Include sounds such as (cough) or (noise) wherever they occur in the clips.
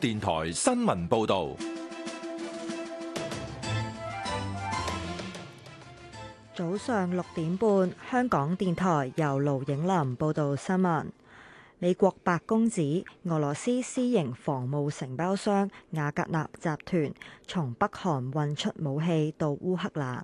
電台新聞報道：早上六點半，香港電台由盧影林報道新聞。美國白宮指，俄羅斯私營防務承包商亞格納集團從北韓運出武器到烏克蘭。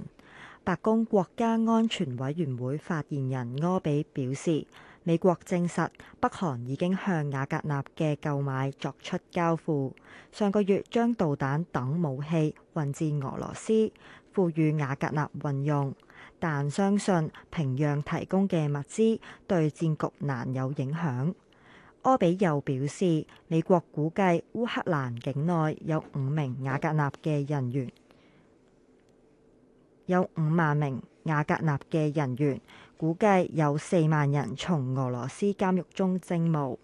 白宮國家安全委員會發言人柯比表示。美國證實北韓已經向瓦格納嘅購買作出交付，上個月將導彈等武器運至俄羅斯，賦予瓦格納運用。但相信平壤提供嘅物資對戰局難有影響。柯比又表示，美國估計烏克蘭境內有五名瓦格納嘅人員，有五萬名瓦格納嘅人員。估計有四萬人從俄羅斯監獄中徵募。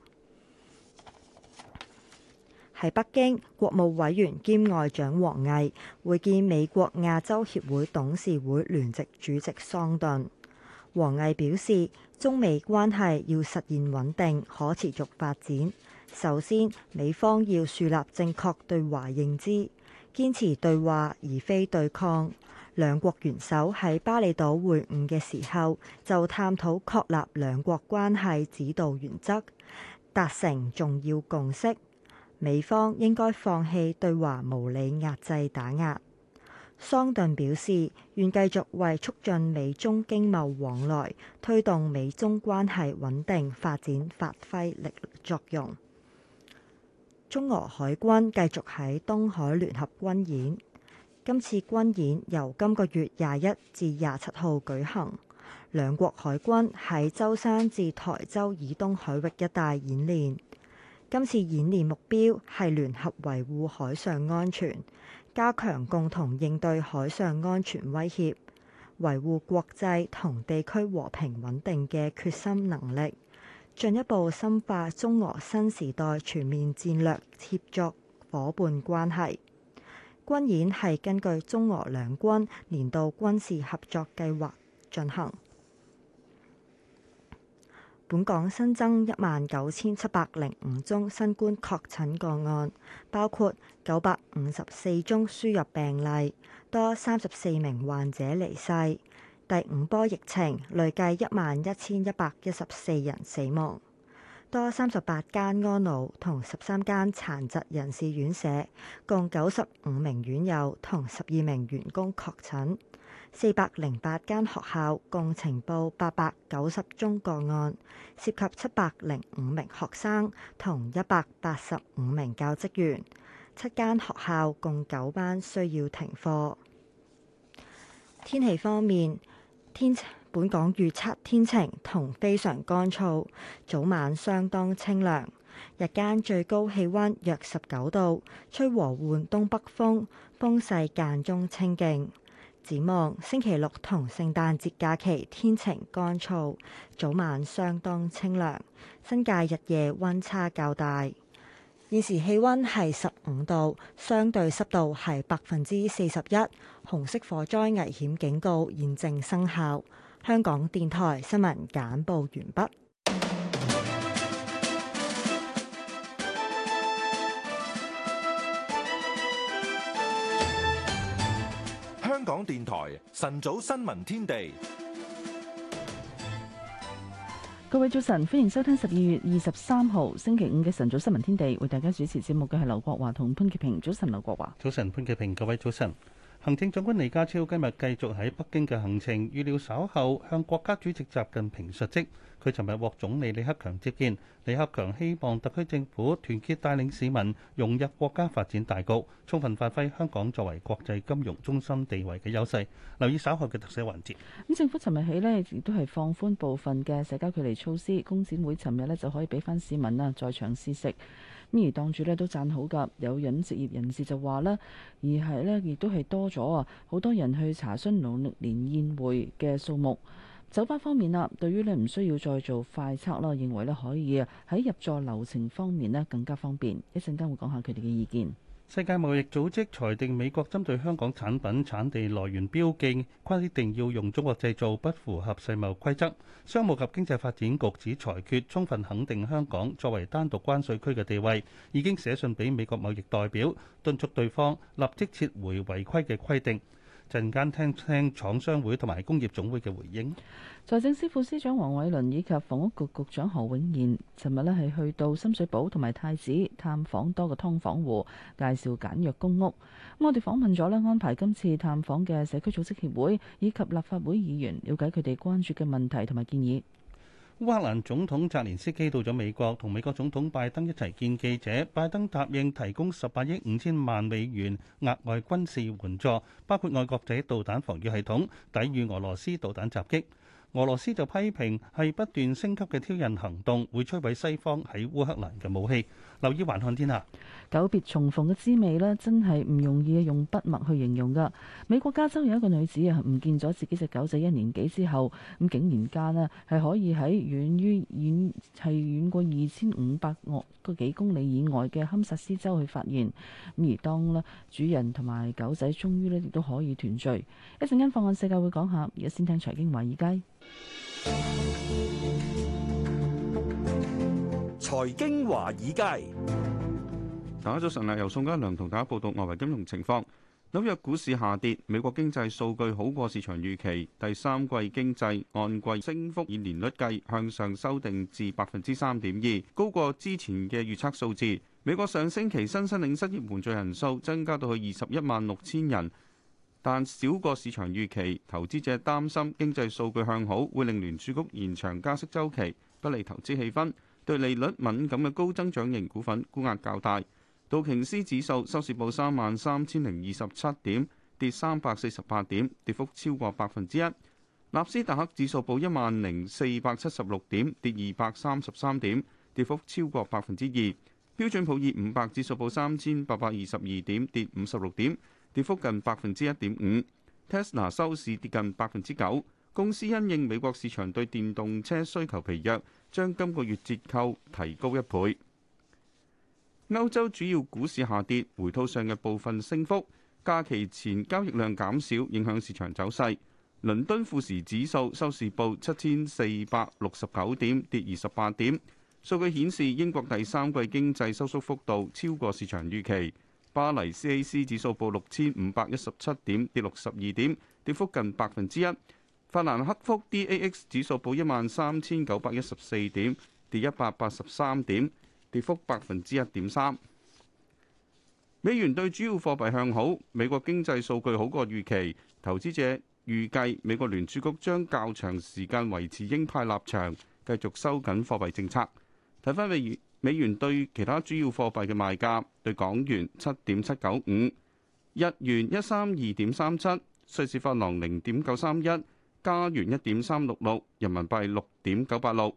喺北京，國務委員兼外長王毅會見美國亞洲協會董事會聯席主席桑頓。王毅表示，中美關係要實現穩定、可持續發展，首先美方要樹立正確對華認知，堅持對話而非對抗。兩國元首喺巴厘島會晤嘅時候，就探討確立兩國關係指導原則，達成重要共識。美方應該放棄對華無理壓制打壓。桑頓表示，願繼續為促進美中經貿往來、推動美中關係穩定發展發揮力作用。中俄海軍繼續喺東海聯合軍演。今次軍演由今個月廿一至廿七號舉行，兩國海軍喺舟山至台州以東海域一帶演練。今次演練目標係聯合維護海上安全，加強共同應對海上安全威脅，維護國際同地區和平穩定嘅決心能力，進一步深化中俄新時代全面戰略協作伙伴關係。軍演係根據中俄兩軍年度軍事合作計劃進行。本港新增一萬九千七百零五宗新冠確診個案，包括九百五十四宗輸入病例，多三十四名患者離世。第五波疫情累計一萬一千一百一十四人死亡。多三十八間安老同十三間殘疾人士院舍，共九十五名院友同十二名員工確診。四百零八間學校共呈報八百九十宗個案，涉及七百零五名學生同一百八十五名教職員。七間學校共九班需要停課。天氣方面，天。本港預測天晴同非常乾燥，早晚相當清涼，日間最高氣溫約十九度，吹和緩東北風，風勢間中清勁。展望星期六同聖誕節假期，天晴乾燥，早晚相當清涼，新界日夜溫差較大。現時氣溫係十五度，相對濕度係百分之四十一，紅色火災危險警告現正生效。香港電台新聞簡報完畢。香港電台晨早新聞天地，各位早晨，歡迎收聽十二月二十三號星期五嘅晨早新聞天地，為大家主持節目嘅係劉國華同潘潔平。早晨，劉國華。早晨，潘潔平。各位早晨。行政長官李家超今日繼續喺北京嘅行程，預料稍後向國家主席習近平述職。佢尋日獲總理李克強接見，李克強希望特區政府團結帶領市民融入國家發展大局，充分發揮香港作為國際金融中心地位嘅優勢。留意稍後嘅特寫環節。咁政府尋日起呢亦都係放寬部分嘅社交距離措施，工展會尋日呢就可以俾翻市民啊，在場試食。而當主咧都讚好㗎，有飲食業人士就話呢而係呢，亦都係多咗啊，好多人去查詢農曆年宴會嘅數目。酒吧方面啦，對於你唔需要再做快測啦，認為咧可以喺入座流程方面咧更加方便。一陣間會講下佢哋嘅意見。世界貿易組織裁定美國針對香港產品產地來源標記規定要用中國製造，不符合世貿規則。商務及經濟發展局指裁決充分肯定香港作為單獨關稅區嘅地位，已經寫信俾美國貿易代表敦促對方立即撤回違規嘅規定。陣間聽聽廠商會同埋工業總會嘅回應。財政司副司長黃偉綸以及房屋局局長何永賢，尋日咧係去到深水埗同埋太子探訪多個劏房戶，介紹簡約公屋。咁我哋訪問咗咧安排今次探訪嘅社區組織協會以及立法會議員，了解佢哋關注嘅問題同埋建議。烏克蘭總統澤連斯基到咗美國，同美國總統拜登一齊見記者。拜登答應提供十八億五千萬美元額外軍事援助，包括愛國者導彈防禦系統，抵禦俄羅斯導彈襲擊。俄羅斯就批評係不斷升級嘅挑釁行動，會摧毀西方喺烏克蘭嘅武器。留意環看天下，久別重逢嘅滋味咧，真係唔容易用筆墨去形容噶。美國加州有一個女子啊，唔見咗自己隻狗仔一年幾之後，咁竟然間咧係可以喺遠於遠係遠，遠過二千五百個幾公里以外嘅堪薩斯州去發現。咁而當咧主人同埋狗仔終於咧亦都可以團聚，一陣間放眼世界會講下。而家先聽財經華爾街。 (music) 財經華爾街，大家早晨，由宋嘉良同大家報道外圍金融情況。紐約股市下跌，美國經濟數據好過市場預期。第三季經濟按季升幅以年率計向上修訂至百分之三點二，高過之前嘅預測數字。美國上星期新申領失業援助人數增加到去二十一萬六千人，但少過市場預期。投資者擔心經濟數據向好會令聯儲局延長加息週期，不利投資氣氛。對利率敏感嘅高增長型股份沽壓較大，道瓊斯指數收市報三萬三千零二十七點，跌三百四十八點，跌幅超過百分之一。納斯達克指數報一萬零四百七十六點，跌二百三十三點，跌幅超過百分之二。標準普爾五百指數報三千八百二十二點，跌五十六點，跌幅近百分之一點五。Tesla 收市跌近百分之九。公司因應美國市場對電動車需求疲弱，將今個月折扣提高一倍。歐洲主要股市下跌，回吐上嘅部分升幅。假期前交易量減少，影響市場走勢。倫敦富時指數收市報七千四百六十九點，跌二十八點。數據顯示英國第三季經濟收縮幅度超過市場預期。巴黎 CAC 指數報六千五百一十七點，跌六十二點，跌幅近百分之一。法蘭克福 DAX 指數報一萬三千九百一十四點，跌一百八十三點，跌幅百分之一點三。美元對主要貨幣向好，美國經濟數據好過預期，投資者預計美國聯儲局將較長時間維持鷹派立場，繼續收緊貨幣政策。睇返美元，美元對其他主要貨幣嘅賣價，對港元七點七九五，日元一三二點三七，瑞士法郎零點九三一。加元一點三六六，人民幣六點九八六，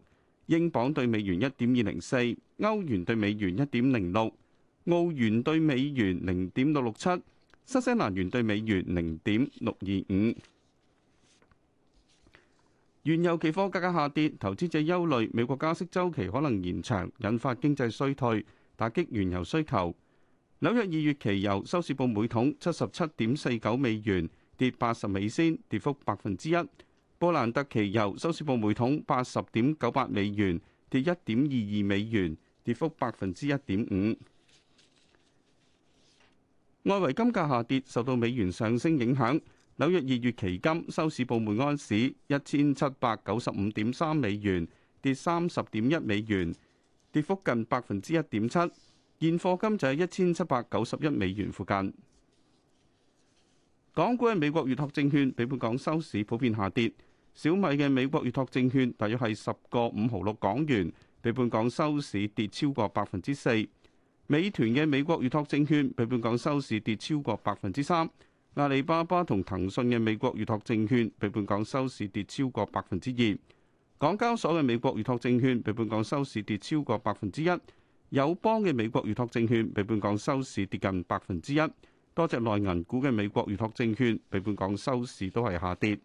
英鎊兌美元一點二零四，歐元兌美元一點零六，澳元兌美元零點六六七，新西蘭元兌美元零點六二五。原油期貨價格下跌，投資者憂慮美國加息周期可能延長，引發經濟衰退，打擊原油需求。紐約二月期油收市報每桶七十七點四九美元。跌八十美仙，跌幅百分之一。波蘭特期油收市報每桶八十點九八美元，跌一點二二美元，跌幅百分之一點五。外圍金價下跌，受到美元上升影響。紐約二月期金收市報每安士一千七百九十五點三美元，跌三十點一美元，跌幅近百分之一點七。現貨金就喺一千七百九十一美元附近。港股嘅美國預託證券比本港收市普遍下跌，小米嘅美國預託證券大約係十個五毫六港元，比本港收市跌超過百分之四。美團嘅美國預託證券比本港收市跌超過百分之三。阿里巴巴同騰訊嘅美國預託證券比本港收市跌超過百分之二。港交所嘅美國預託證券比本港收市跌超過百分之一。友邦嘅美國預託證券比本港收市跌近百分之一。多隻內銀股嘅美國預託證券，比本港收市都係下跌。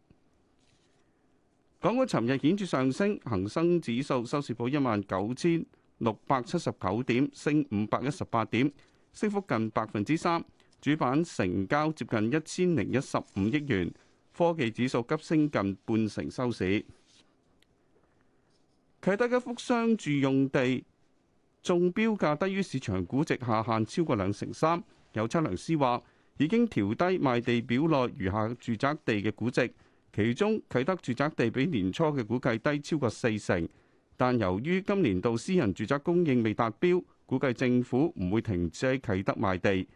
港股尋日顯著上升，恒生指數收市報一萬九千六百七十九點，升五百一十八點，升幅近百分之三。主板成交接近一千零一十五億元，科技指數急升近半成收市。啟德嘅幅商住用地中標價低於市場估值下限超過兩成三。有測量師話，已經調低賣地表內餘下住宅地嘅估值，其中啟德住宅地比年初嘅估計低超過四成。但由於今年度私人住宅供應未達標，估計政府唔會停止喺啟德賣地。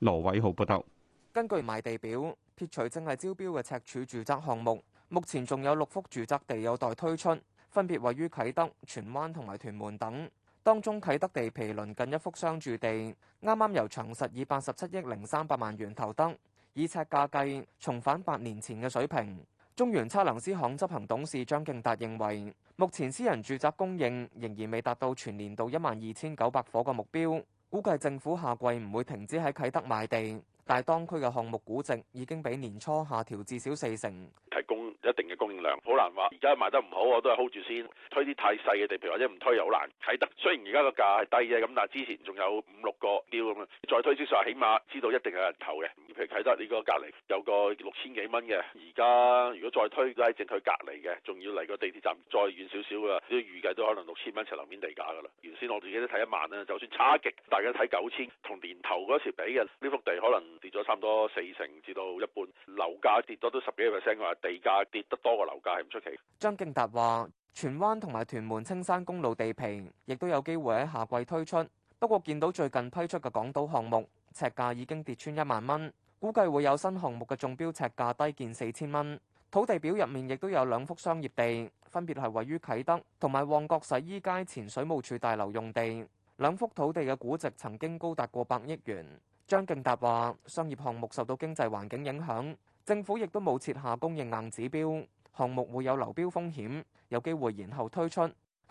羅偉浩報道。根據賣地表，撇除正係招標嘅赤柱住宅項目，目前仲有六幅住宅地有待推出，分別位於啟德、荃灣同埋屯門等。當中啟德地皮鄰近一幅商住地，啱啱由長實以八十七億零三百萬元投得，以尺價計，重返八年前嘅水平。中原測量師行執行董事張敬達認為，目前私人住宅供應仍然未達到全年度一萬二千九百伙嘅目標，估計政府下季唔會停止喺啟德賣地，但係當區嘅項目估值已經比年初下調至少四成，提供一定嘅。好難話，而家賣得唔好，我都係 hold 住先，推啲太細嘅地皮，或者唔推又好難睇得。雖然而家個價係低嘅，咁但係之前仲有五六個標咁樣，再推之上，起碼知道一定有人投嘅。譬如睇得你個隔離有個六千幾蚊嘅，而家如果再推都係整佢隔離嘅，仲要離個地鐵站再遠少少嘅，預計都可能六千蚊呎樓面地價㗎啦。原先我自己都睇一萬啦，就算差極，大家睇九千，同年頭嗰時比嘅呢幅地可能跌咗差唔多四成至到一半，樓價跌咗都十幾個 percent 㗎，地價跌得多樓價張敬達話：荃灣同埋屯門青山公路地皮，亦都有機會喺夏季推出。不過見到最近推出嘅港島項目，尺價已經跌穿一萬蚊，估計會有新項目嘅中標尺價低見四千蚊。土地表入面亦都有兩幅商業地，分別係位於啟德同埋旺角洗衣街前水務署大樓用地。兩幅土地嘅估值曾經高達過百億元。張敬達話：商業項目受到經濟環境影響，政府亦都冇設下供應硬指標。項目會有流標風險，有機會延後推出。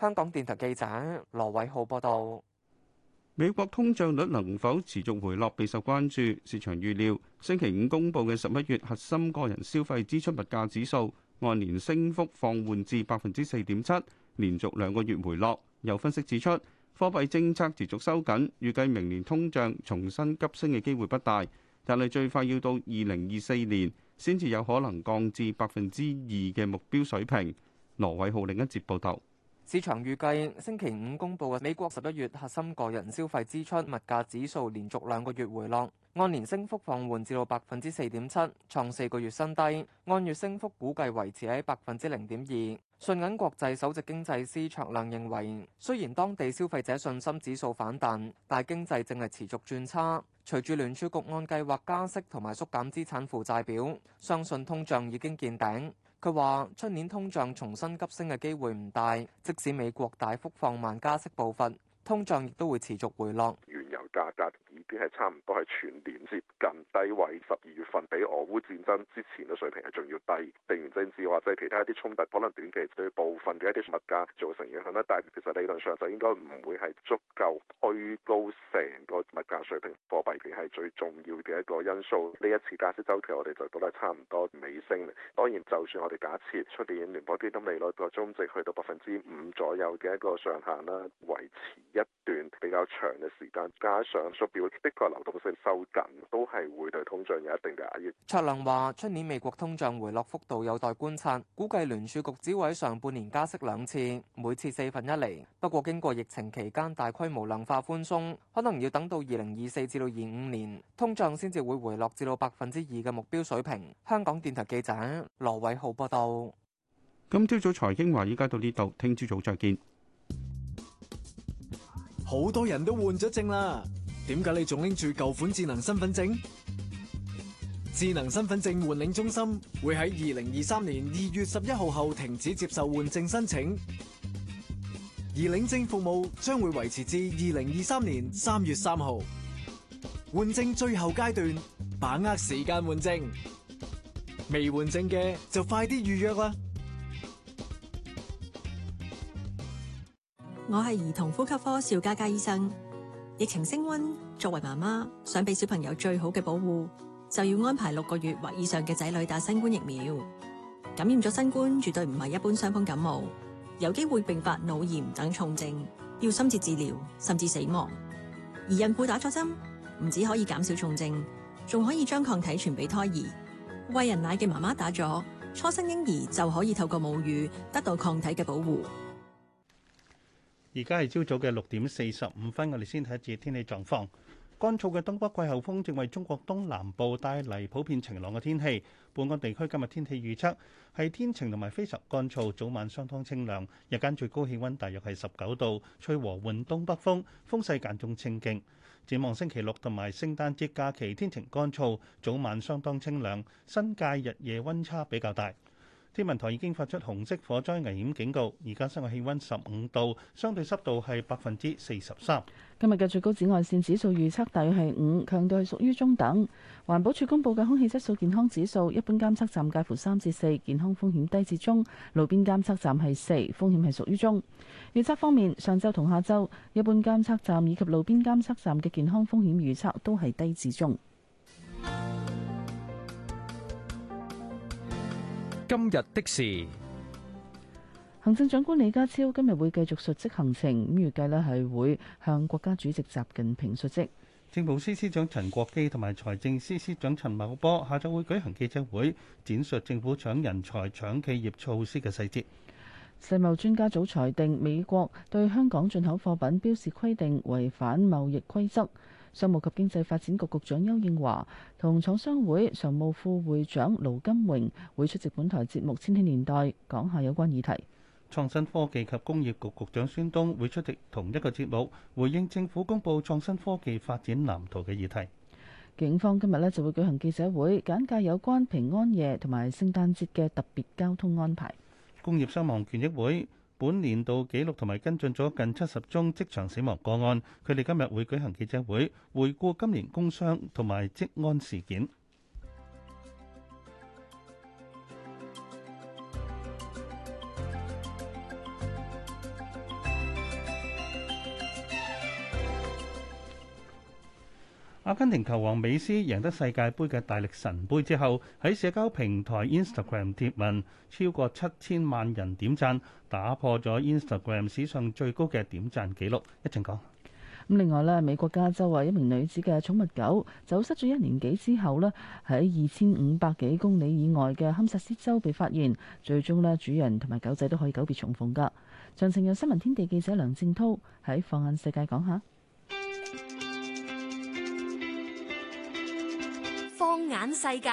香港電台記者羅偉浩報道。美國通脹率能否持續回落備受關注，市場預料星期五公佈嘅十一月核心個人消費支出物價指數按年升幅放緩至百分之四點七，連續兩個月回落。有分析指出，貨幣政策持續收緊，預計明年通脹重新急升嘅機會不大，但係最快要到二零二四年。先至有可能降至百分之二嘅目標水平。羅偉浩另一節報道。市場預計星期五公布嘅美國十一月核心個人消費支出物價指數連續兩個月回落，按年升幅放緩至到百分之四點七，創四個月新低，按月升幅估計維持喺百分之零點二。信銀國際首席經濟師卓亮認為，雖然當地消費者信心指數反彈，但經濟正係持續轉差。隨住聯儲局按計劃加息同埋縮減資產負債表，相信通脹已經見頂。佢話：出年通脹重新急升嘅機會唔大，即使美國大幅放慢加息步伐，通脹亦都會持續回落。價格已經係差唔多係全年接近低位，十二月份比俄烏戰爭之前嘅水平係仲要低。地緣政治或者其他一啲沖突可能短期對部分嘅一啲物價造成影響啦，但係其實理論上就應該唔會係足夠推高成個物價水平。貨幣係最重要嘅一個因素。呢一次加息周期我哋就覺得差唔多尾聲。當然，就算我哋假設出年聯邦基金利率個中值去到百分之五左右嘅一個上限啦，維持一段比較長嘅時間加。上述表的確流動性收緊都係會對通脹有一定嘅壓抑。卓亮話，出年美國通脹回落幅度有待觀察，估計聯儲局只會喺上半年加息兩次，每次四分一厘。不過經過疫情期間大規模量化寬鬆可能要等到二零二四至到二五年，通脹先至會回落至到百分之二嘅目標水平。香港電台記者羅偉浩報道。今朝早財經話，依家到呢度，聽朝早再見。好多人都換咗證啦，點解你仲拎住舊款智能身份證？智能身份證換領中心會喺二零二三年二月十一號後停止接受換證申請，而領證服務將會維持至二零二三年三月三號。換證最後階段，把握時間換證，未換證嘅就快啲預約啦。我係兒童呼吸科邵嘉嘉醫生。疫情升温，作為媽媽想俾小朋友最好嘅保護，就要安排六個月或以上嘅仔女打新冠疫苗。感染咗新冠絕對唔係一般傷風感冒，有機會併發腦炎等重症，要深切治療甚至死亡。而孕婦打咗針，唔止可以減少重症，仲可以將抗體傳俾胎兒。喂人奶嘅媽媽打咗，初生嬰兒就可以透過母乳得到抗體嘅保護。而家係朝早嘅六點四十五分，我哋先睇一節天氣狀況。乾燥嘅東北季候風正為中國東南部帶嚟普遍晴朗嘅天氣。本港地區今日天氣預測係天晴同埋非常乾燥，早晚相當清涼。日間最高氣温大約係十九度，吹和緩東北風，風勢間中清勁。展望星期六同埋聖誕節假期，天晴乾燥，早晚相當清涼，新界日夜温差比較大。天文台已經發出紅色火災危險警告，而家室外氣温十五度，相對濕度係百分之四十三。今日嘅最高紫外線指數預測大約係五，強度係屬於中等。環保署公佈嘅空氣質素健康指數，一般監測站介乎三至四，健康風險低至中；路邊監測站係四，風險係屬於中。預測方面，上週同下週，一般監測站以及路邊監測站嘅健康風險預測都係低至中。今日的事，行政長官李家超今日會繼續述職行程，咁預計呢係會向國家主席習近平述職。政務司司長陳國基同埋財政司司長陳茂波下晝會舉行記者會，展述政府搶人才、搶企業措施嘅細節。世貿專家組裁定，美國對香港進口貨品標示規定違反貿易規則。商務及經濟發展局局長邱應華同廠商會常務副會長盧金榮會出席本台節目《千禧年代》，講下有關議題。創新科技及工業局局長孫東會出席同一個節目，回應政府公布創新科技發展藍圖嘅議題。警方今日呢就會舉行記者會，簡介有關平安夜同埋聖誕節嘅特別交通安排。工業傷亡權益會，本年度記錄同埋跟進咗近七十宗職場死亡個案，佢哋今日會舉行記者會，回顧今年工傷同埋職安事件。阿根廷球王美斯贏得世界杯嘅大力神杯之後，喺社交平台 Instagram 貼文，超過七千萬人點讚，打破咗 Instagram 史上最高嘅點讚記錄。一陣講，咁另外咧，美國加州一名女子嘅寵物狗走失咗一年幾之後，咧，喺二千五百幾公里以外嘅堪薩斯州被發現，最終咧主人同埋狗仔都可以久別重逢㗎。詳情由新聞天地記者梁正濤喺放眼世界講下。世界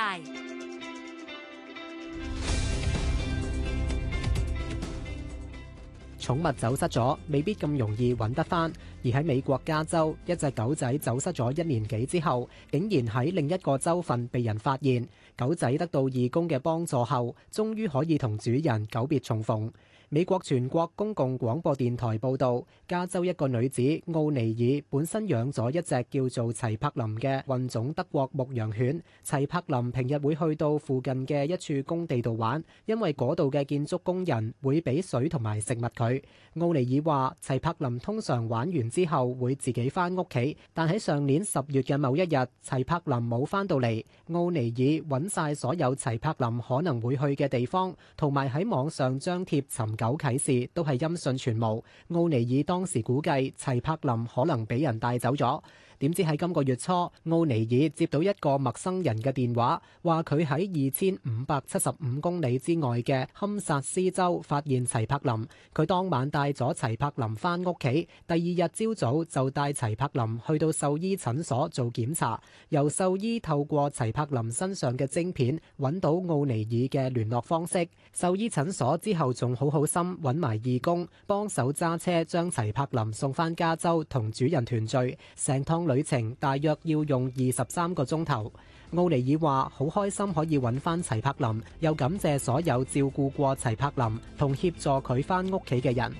寵物走失咗，未必咁容易揾得翻。而喺美國加州，一隻狗仔走失咗一年幾之後，竟然喺另一個州份被人發現。狗仔得到義工嘅幫助後，終於可以同主人久別重逢。美國全國公共廣播電台報導，加州一個女子奧尼爾本身養咗一隻叫做齊柏林嘅混種德國牧羊犬。齊柏林平日會去到附近嘅一處工地度玩，因為嗰度嘅建築工人會俾水同埋食物佢。奧尼爾話：齊柏林通常玩完之後會自己翻屋企，但喺上年十月嘅某一日，齊柏林冇翻到嚟。奧尼爾揾晒所有齊柏林可能會去嘅地方，同埋喺網上張貼尋物。九啟示都係音訊全無，奧尼爾當時估計齊柏林可能俾人帶走咗。點知喺今個月初，奧尼爾接到一個陌生人嘅電話，話佢喺二千五百七十五公里之外嘅堪薩斯州發現齊柏林。佢當晚帶咗齊柏林翻屋企，第二日朝早就帶齊柏林去到獸醫診所做檢查。由獸醫透過齊柏林身上嘅晶片揾到奧尼爾嘅聯絡方式。獸醫診所之後仲好好心揾埋義工，幫手揸車將齊柏林送翻加州，同主人團聚，成趟，旅程大約要用二十三個鐘頭。奧尼爾話：好開心可以揾翻齊柏林，又感謝所有照顧過齊柏林同協助佢翻屋企嘅人。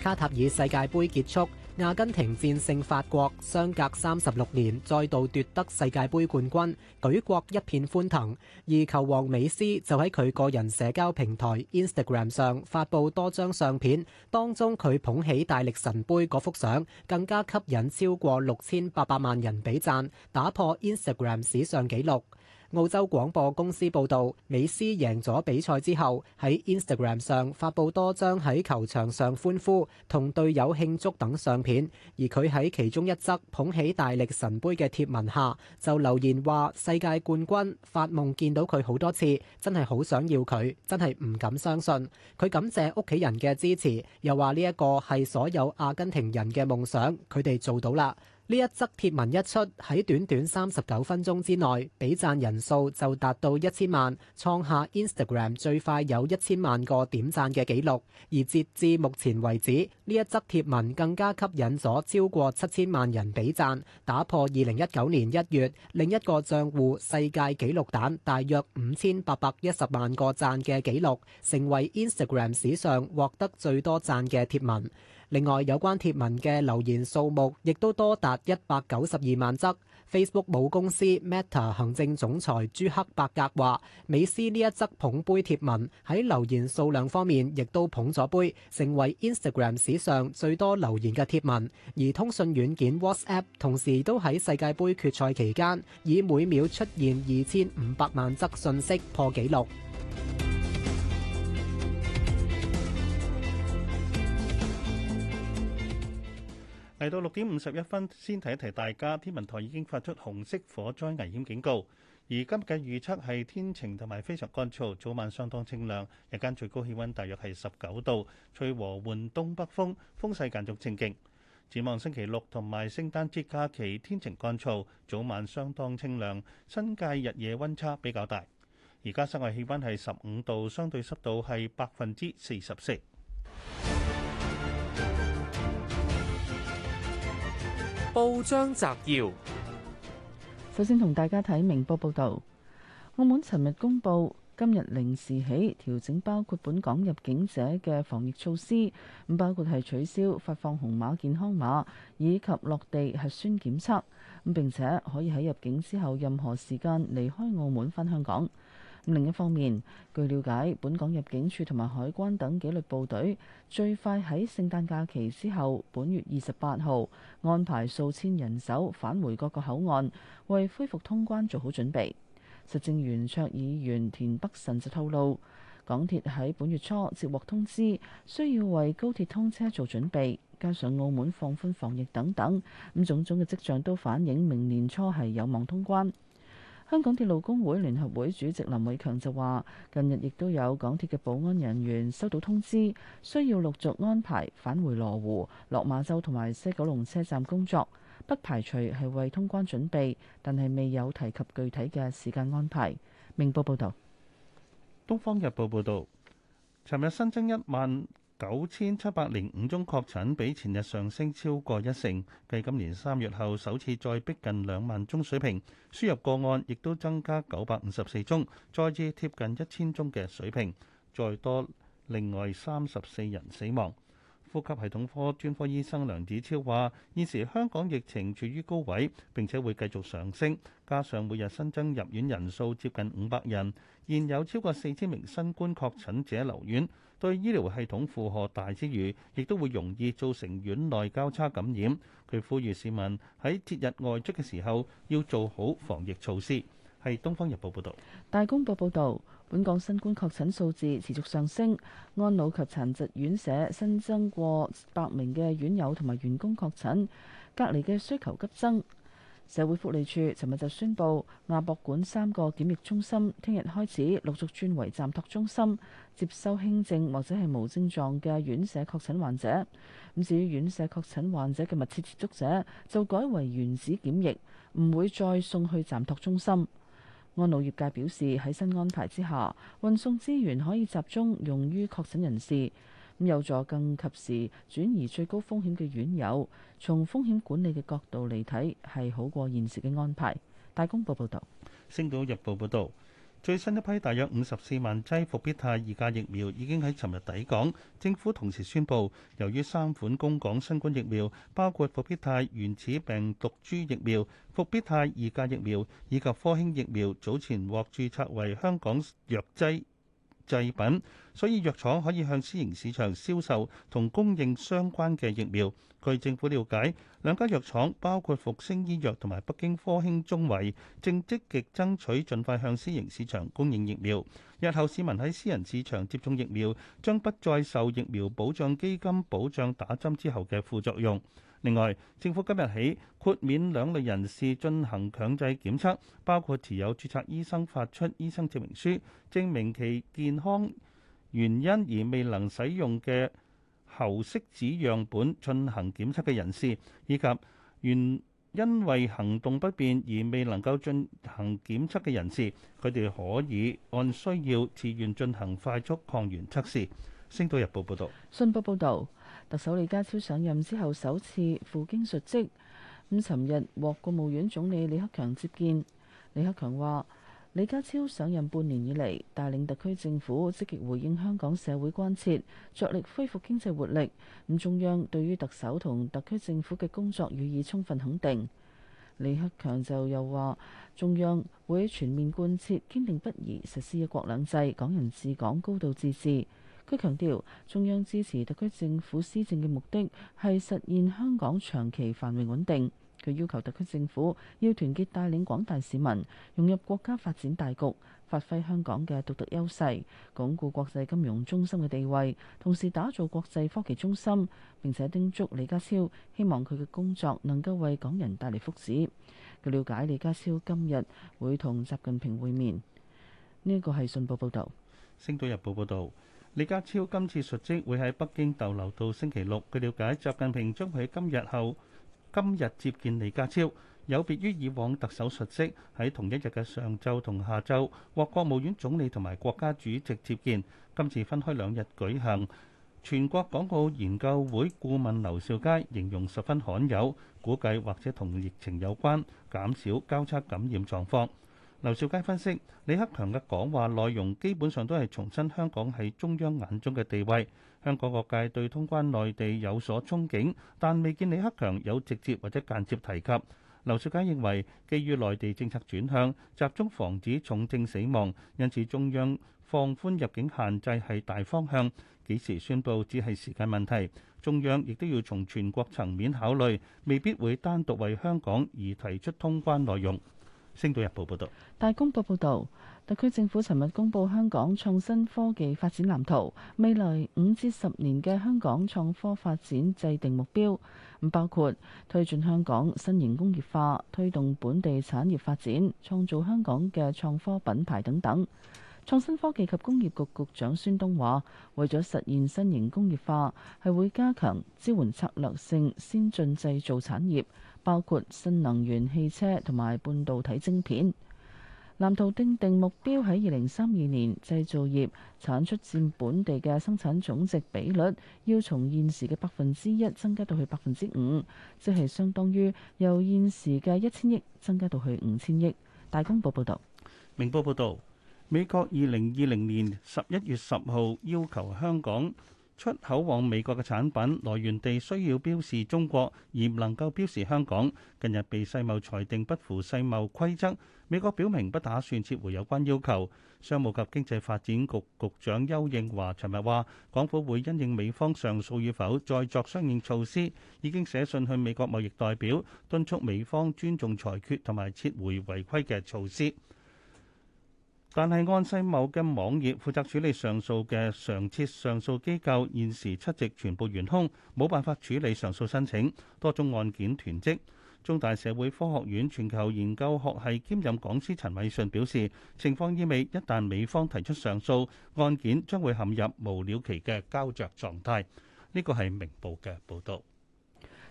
卡塔爾世界杯結束。阿根廷戰勝法國，相隔三十六年再度奪得世界杯冠軍，舉國一片歡騰。而球王美斯就喺佢個人社交平台 Instagram 上發布多張相片，當中佢捧起大力神杯嗰幅相，更加吸引超過六千八百萬人俾讚，打破 Instagram 史上紀錄。澳洲廣播公司報導，美斯贏咗比賽之後，喺 Instagram 上發布多張喺球場上歡呼、同隊友慶祝等相片。而佢喺其中一則捧起大力神杯嘅貼文下，就留言話：世界冠軍，發夢見到佢好多次，真係好想要佢，真係唔敢相信。佢感謝屋企人嘅支持，又話呢一個係所有阿根廷人嘅夢想，佢哋做到啦。呢一則貼文一出，喺短短三十九分鐘之內，比讚人數就達到一千萬，創下 Instagram 最快有一千萬個點讚嘅紀錄。而截至目前為止，呢一則貼文更加吸引咗超過七千萬人比讚，打破二零一九年一月另一個帳戶世界紀錄蛋大約五千八百一十萬個讚嘅紀錄，成為 Instagram 史上獲得最多讚嘅貼文。另外，有關貼文嘅留言數目亦都多達一百九十二萬則。Facebook 母公司 Meta 行政總裁朱克伯格話：美斯呢一則捧杯貼文喺留言數量方面，亦都捧咗杯，成為 Instagram 史上最多留言嘅貼文。而通訊軟件 WhatsApp 同時都喺世界盃決賽期間，以每秒出現二千五百萬則信息破紀錄。嚟到六點五十一分，先提一提大家，天文台已經發出紅色火災危險警告。而今日嘅預測係天晴同埋非常乾燥，早晚相當清涼，日間最高氣温大約係十九度，吹和緩東北風，風勢間中清勁。展望星期六同埋聖誕節假期，天晴乾燥，早晚相當清涼，新界日夜温差比較大。而家室外氣温係十五度，相對濕度係百分之四十四。報章摘要，首先同大家睇明報報道。澳門尋日公布，今日零時起調整包括本港入境者嘅防疫措施，包括係取消發放紅碼健康碼以及落地核酸檢測，咁並且可以喺入境之後任何時間離開澳門返香港。另一方面，據了解，本港入境處同埋海關等紀律部隊最快喺聖誕假期之後，本月二十八號安排數千人手返回各個口岸，為恢復通關做好準備。實政圓桌議員田北辰就透露，港鐵喺本月初接獲通知，需要為高鐵通車做準備，加上澳門放寬防疫等等，咁種種嘅跡象都反映明年初係有望通關。香港鐵路工會聯合會主席林偉強就話，近日亦都有港鐵嘅保安人員收到通知，需要陸續安排返回羅湖、落馬洲同埋西九龍車站工作，不排除係為通關準備，但係未有提及具體嘅時間安排，明報報導。九千七百零五宗確診，比前日上升超過一成，繼今年三月後首次再逼近兩萬宗水平。輸入個案亦都增加九百五十四宗，再至貼近一千宗嘅水平。再多另外三十四人死亡。呼吸系統科專科醫生梁子超話，現時香港疫情處於高位，並且會繼續上升，加上每日新增入院人數接近五百人，現有超過四千名新冠確診者留院。對醫療系統負荷大之餘，亦都會容易造成院內交叉感染。佢呼籲市民喺節日外出嘅時候要做好防疫措施。係《東方日報,報道》報導。大公報報道，本港新冠確診數字持續上升，安老及殘,殘疾院舍新增過百名嘅院友同埋員工確診，隔離嘅需求急增。社會福利處尋日就宣布，亞博館三個檢疫中心聽日開始陸續轉為暫托中心，接收輕症或者係無症狀嘅院舍確診患者。咁至於院舍確診患者嘅密切接觸者，就改為原址檢疫，唔會再送去暫托中心。安老業界表示喺新安排之下，運送資源可以集中用於確診人士。咁有助更及時轉移最高風險嘅院友，從風險管理嘅角度嚟睇，係好過現時嘅安排。大公報報導，《星島日報》報導，最新一批大約五十四萬劑復必泰二價疫苗已經喺尋日抵港。政府同時宣布，由於三款供港新冠疫苗，包括復必泰原始病毒株疫苗、復必泰二價疫苗以及科興疫苗，早前獲註冊為香港藥劑製品，所以藥廠可以向私營市場銷售同供應相關嘅疫苗。據政府了解，兩家藥廠包括復星醫藥同埋北京科興中維，正積極爭取盡快向私營市場供應疫苗。日後市民喺私人市場接種疫苗，將不再受疫苗保障基金保障打針之後嘅副作用。另外，政府今日起豁免兩類人士進行強制檢測，包括持有註冊醫生發出醫生證明書證明其健康原因而未能使用嘅喉拭子樣本進行檢測嘅人士，以及原因為行動不便而未能夠進行檢測嘅人士，佢哋可以按需要自願進行快速抗原測試。星島日報報道。信報報導。特首李家超上任之後首次赴京述職，咁尋日獲國務院總理李克強接見。李克強話：李家超上任半年以嚟，帶領特區政府積極回應香港社會關切，着力恢復經濟活力。咁中央對於特首同特區政府嘅工作予以充分肯定。李克強就又話：中央會全面貫徹，堅定不移實施一國兩制、港人治港、高度自治。佢強調，中央支持特區政府施政嘅目的係實現香港長期繁榮穩定。佢要求特區政府要團結帶領廣大市民融入國家發展大局，發揮香港嘅獨特優勢，鞏固國際金融中心嘅地位，同時打造國際科技中心。並且叮囑李家超，希望佢嘅工作能夠為港人帶嚟福祉。據了解李家超今日會同習近平會面。呢一個係信報報導，《星島日報》報導。李家超今次述職會喺北京逗留到星期六。據瞭解，習近平將喺今日後今日接見李家超，有別於以往特首述職喺同一日嘅上晝同下晝或國務院總理同埋國家主席接見，今次分開兩日舉行。全國港澳研究會顧問劉兆佳形容十分罕有，估計或者同疫情有關，減少交叉感染狀況。劉少佳分析李克強嘅講話內容，基本上都係重申香港喺中央眼中嘅地位。香港各界對通關內地有所憧憬，但未見李克強有直接或者間接提及。劉少佳認為，基於內地政策轉向，集中防止重症死亡，因此中央放寬入境限制係大方向，幾時宣佈只係時間問題。中央亦都要從全國層面考慮，未必會單獨為香港而提出通關內容。星島日報報導，大公報報道，特區政府尋日公布香港創新科技發展藍圖，未來五至十年嘅香港創科發展制定目標，包括推進香港新型工業化，推動本地產業發展，創造香港嘅創科品牌等等。創新科技及工業局局長孫東話，為咗實現新型工業化，係會加強支援策略性先進製造產業。包括新能源汽車同埋半導體晶片，藍圖定定目標喺二零三二年，製造業產出佔本地嘅生產總值比率要從現時嘅百分之一增加到去百分之五，即係相當於由現時嘅一千億增加到去五千億。大公報報道，明報報道，美國二零二零年十一月十號要求香港。出口往美國嘅產品來源地需要標示中國而唔能夠標示香港。近日被世貿裁定不符世貿規則，美國表明不打算撤回有關要求。商務及經濟發展局局長邱應華尋日話港府會因應美方上訴與否再作相應措施，已經寫信去美國貿易代表敦促美方尊重裁決同埋撤回違規嘅措施。但係，按世貿嘅網頁，負責處理上訴嘅常設上訴機構現時七席全部懸空，冇辦法處理上訴申請，多宗案件囤積。中大社會科學院全球研究學系兼任講師陳偉信表示，情況意味一旦美方提出上訴，案件將會陷入無了期嘅膠着狀態。呢個係明報嘅報導。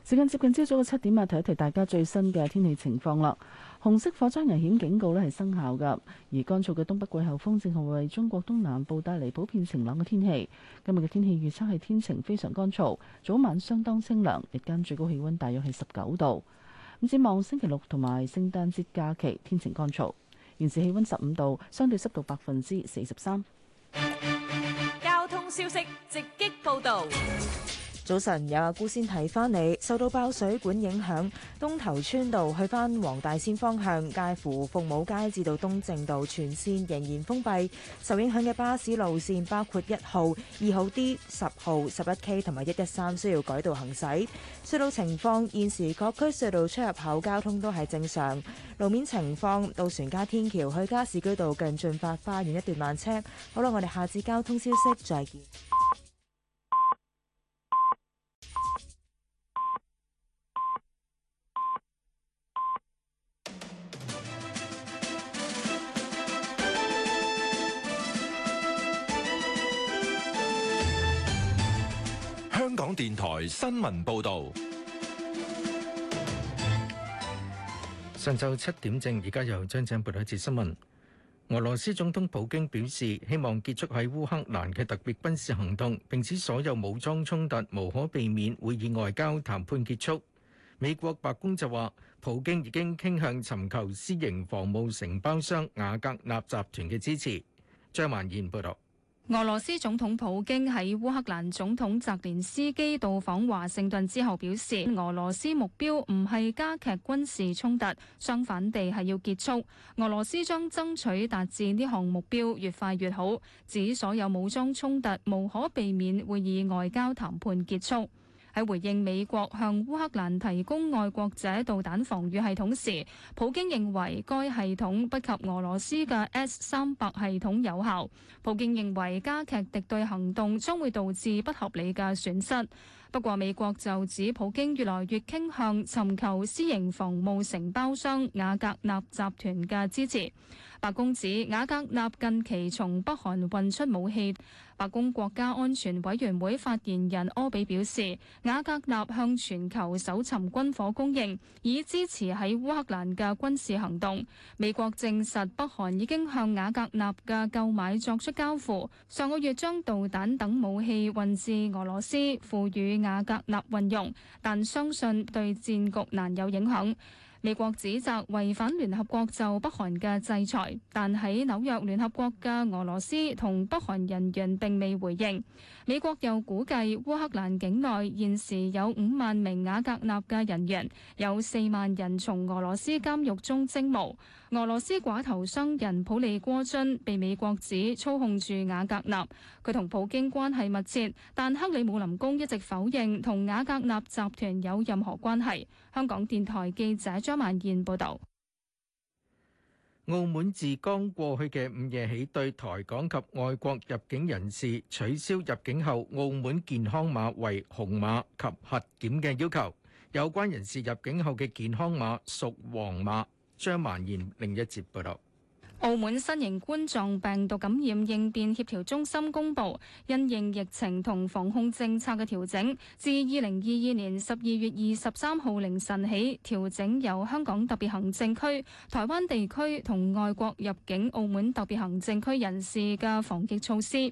時間接近朝早嘅七點啊，提一提大家最新嘅天氣情況啦。紅色火災危險警告呢係生效噶，而乾燥嘅東北季候風正係為中國東南部帶嚟普遍晴朗嘅天氣。今日嘅天氣預測係天晴非常乾燥，早晚相當清涼，日間最高氣溫大約係十九度。咁展望星期六同埋聖誕節假期，天晴乾燥。現時氣溫十五度，相對濕度百分之四十三。交通消息直擊報道。早晨，有阿姑先睇返你。受到爆水管影響，東頭村道去返黃大仙方向，介乎鳳舞街至到東正道全線仍然封閉。受影響嘅巴士路線包括一號、二號 D、十號、十一 K 同埋一一三，需要改道行駛。隧道情況，現時各區隧道出入口交通都係正常。路面情況，渡船街天橋去加士居道近俊發花園一段慢車。好啦，我哋下次交通消息再見。香港電台新聞報道：上晝七點正，而家由張政播一節新聞。俄羅斯總統普京表示，希望結束喺烏克蘭嘅特別軍事行動，並且所有武裝衝突無可避免會以外交談判結束。美國白宮就話，普京已經傾向尋求私營防務承包商瓦格納集團嘅支持。張曼燕報道。俄羅斯總統普京喺烏克蘭總統澤連斯基到訪華盛頓之後表示，俄羅斯目標唔係加劇軍事衝突，相反地係要結束。俄羅斯將爭取達至呢項目標，越快越好。指所有武裝衝突無可避免會以外交談判結束。喺回應美國向烏克蘭提供愛國者導彈防禦系統時，普京認為該系統不及俄羅斯嘅 S 三百系統有效。普京認為加劇敵對行動將會導致不合理嘅損失。不過美國就指普京越來越傾向尋求私營防務承包商瓦格納集團嘅支持。白宮指瓦格納近期從北韓運出武器。白宮國家安全委員會發言人柯比表示，瓦格納向全球搜尋軍火供應，以支持喺烏克蘭嘅軍事行動。美國證實北韓已經向瓦格納嘅購買作出交付，上個月將導彈等武器運至俄羅斯，賦予瓦格納運用，但相信對戰局難有影響。美國指責違反聯合國就北韓嘅制裁，但喺紐約聯合國嘅俄羅斯同北韓人員並未回應。美國又估計，烏克蘭境內現時有5萬名瓦格納嘅人員，有4萬人從俄羅斯監獄中徵募。俄羅斯寡頭商人普利戈津被美國指操控住瓦格納。佢同普京關係密切，但克里姆林宮一直否認同瓦格納集團有任何關係。香港電台記者張曼燕報道。澳門自剛過去嘅午夜起，對台港及外國入境人士，取消入境後澳門健康碼為紅碼及核檢嘅要求。有關人士入境後嘅健康碼屬黃碼，張曼賢另一節報道。澳門新型冠狀病毒感染應變協調中心公佈，因應疫情同防控政策嘅調整，自二零二二年十二月二十三號凌晨起，調整由香港特別行政區、台灣地區同外國入境澳門特別行政區人士嘅防疫措施。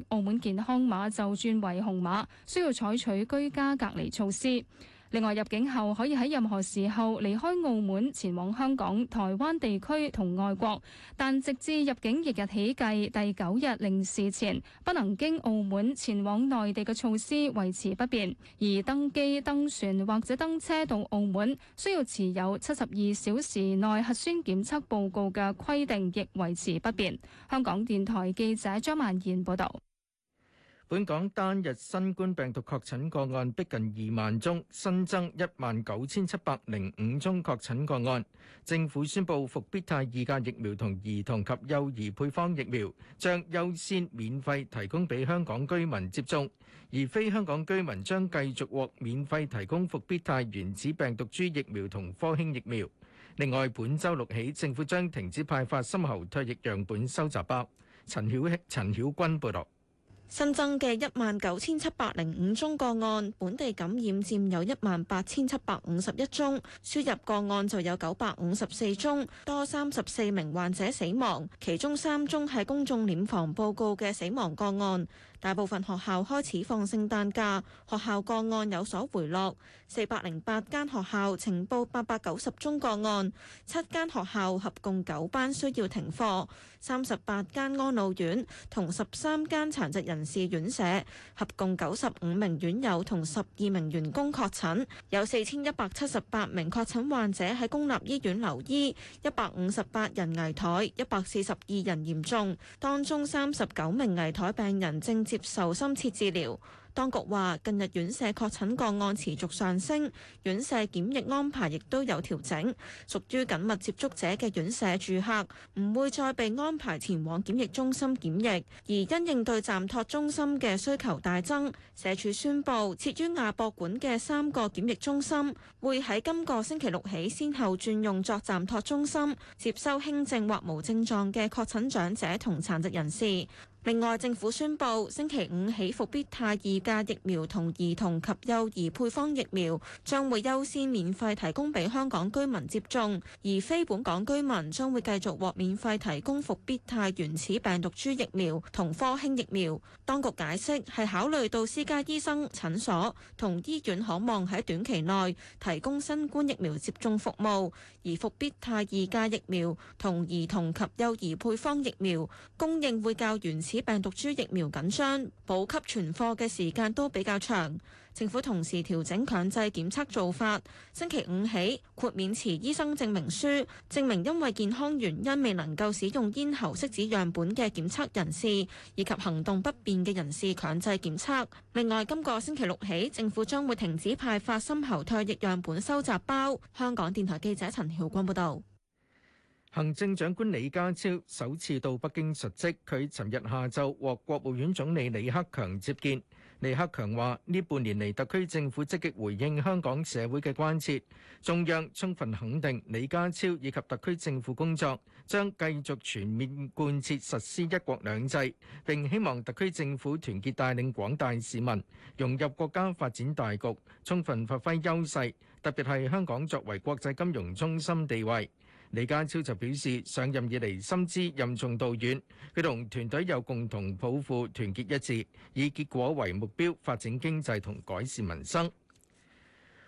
澳門健康碼就轉為紅碼，需要採取居家隔離措施。另外，入境後可以喺任何時候離開澳門前往香港、台灣地區同外國，但直至入境翌日起計第九日零時前，不能經澳門前往內地嘅措施維持不變。而登機、登船或者登車到澳門需要持有七十二小時內核酸檢測報告嘅規定亦維持不變。香港電台記者張萬燕報導。本港單日新冠病毒確診個案逼近二萬宗，新增一萬九千七百零五宗確診個案。政府宣布，復必泰二價疫苗同兒童及幼兒配方疫苗將優先免費提供俾香港居民接種，而非香港居民將繼續獲免費提供復必泰原始病毒株疫苗同科興疫苗。另外，本週六起，政府將停止派發深喉唾液樣本收集包。陳曉陳曉君報道。新增嘅一萬九千七百零五宗個案，本地感染佔有一萬八千七百五十一宗，輸入個案就有九百五十四宗，多三十四名患者死亡，其中三宗係公眾殮房報告嘅死亡個案。大部分學校開始放聖誕假，學校個案有所回落。四百零八間學校呈報八百九十宗個案，七間學校合共九班需要停課。三十八間安老院同十三間殘疾人士院舍合共九十五名院友同十二名員工確診，有四千一百七十八名確診患者喺公立醫院留醫，一百五十八人危殆，一百四十二人嚴重，當中三十九名危殆病人正接受深切治療。當局話，近日院舍確診個案持續上升，院舍檢疫安排亦都有調整。屬於緊密接觸者嘅院舍住客，唔會再被安排前往檢疫中心檢疫。而因應對暫托中心嘅需求大增，社署宣布，設於亞博館嘅三個檢疫中心會喺今個星期六起，先後轉用作暫托中心，接收輕症或無症狀嘅確診長者同殘疾人士。另外，政府宣布星期五起，復必泰二價疫苗同兒童及幼兒配方疫苗將會優先免費提供俾香港居民接種，而非本港居民將會繼續獲免費提供復必泰原始病毒株疫苗同科興疫苗。當局解釋係考慮到私家醫生診所同醫院可望喺短期內提供新冠疫苗接種服務，而復必泰二價疫苗同兒童及幼兒配方疫苗供應會較原始此病毒株疫苗緊張，補給存貨嘅時間都比較長。政府同時調整強制檢測做法，星期五起豁免持醫生證明書證明因為健康原因未能夠使用咽喉拭子樣本嘅檢測人士，以及行動不便嘅人士強制檢測。另外，今個星期六起，政府將會停止派發深喉唾液樣本收集包。香港電台記者陳曉光報道。行政長官李家超首次到北京述職，佢尋日下晝獲國務院總理李克強接見。李克強話：呢半年嚟，特區政府積極回應香港社會嘅關切，中央充分肯定李家超以及特區政府工作，將繼續全面貫徹實施一國兩制。並希望特區政府團結帶領廣大市民融入國家發展大局，充分發揮優勢，特別係香港作為國際金融中心地位。李家超就表示，上任以嚟深知任重道遠，佢同團隊有共同抱負，團結一致，以結果為目標，發展經濟同改善民生。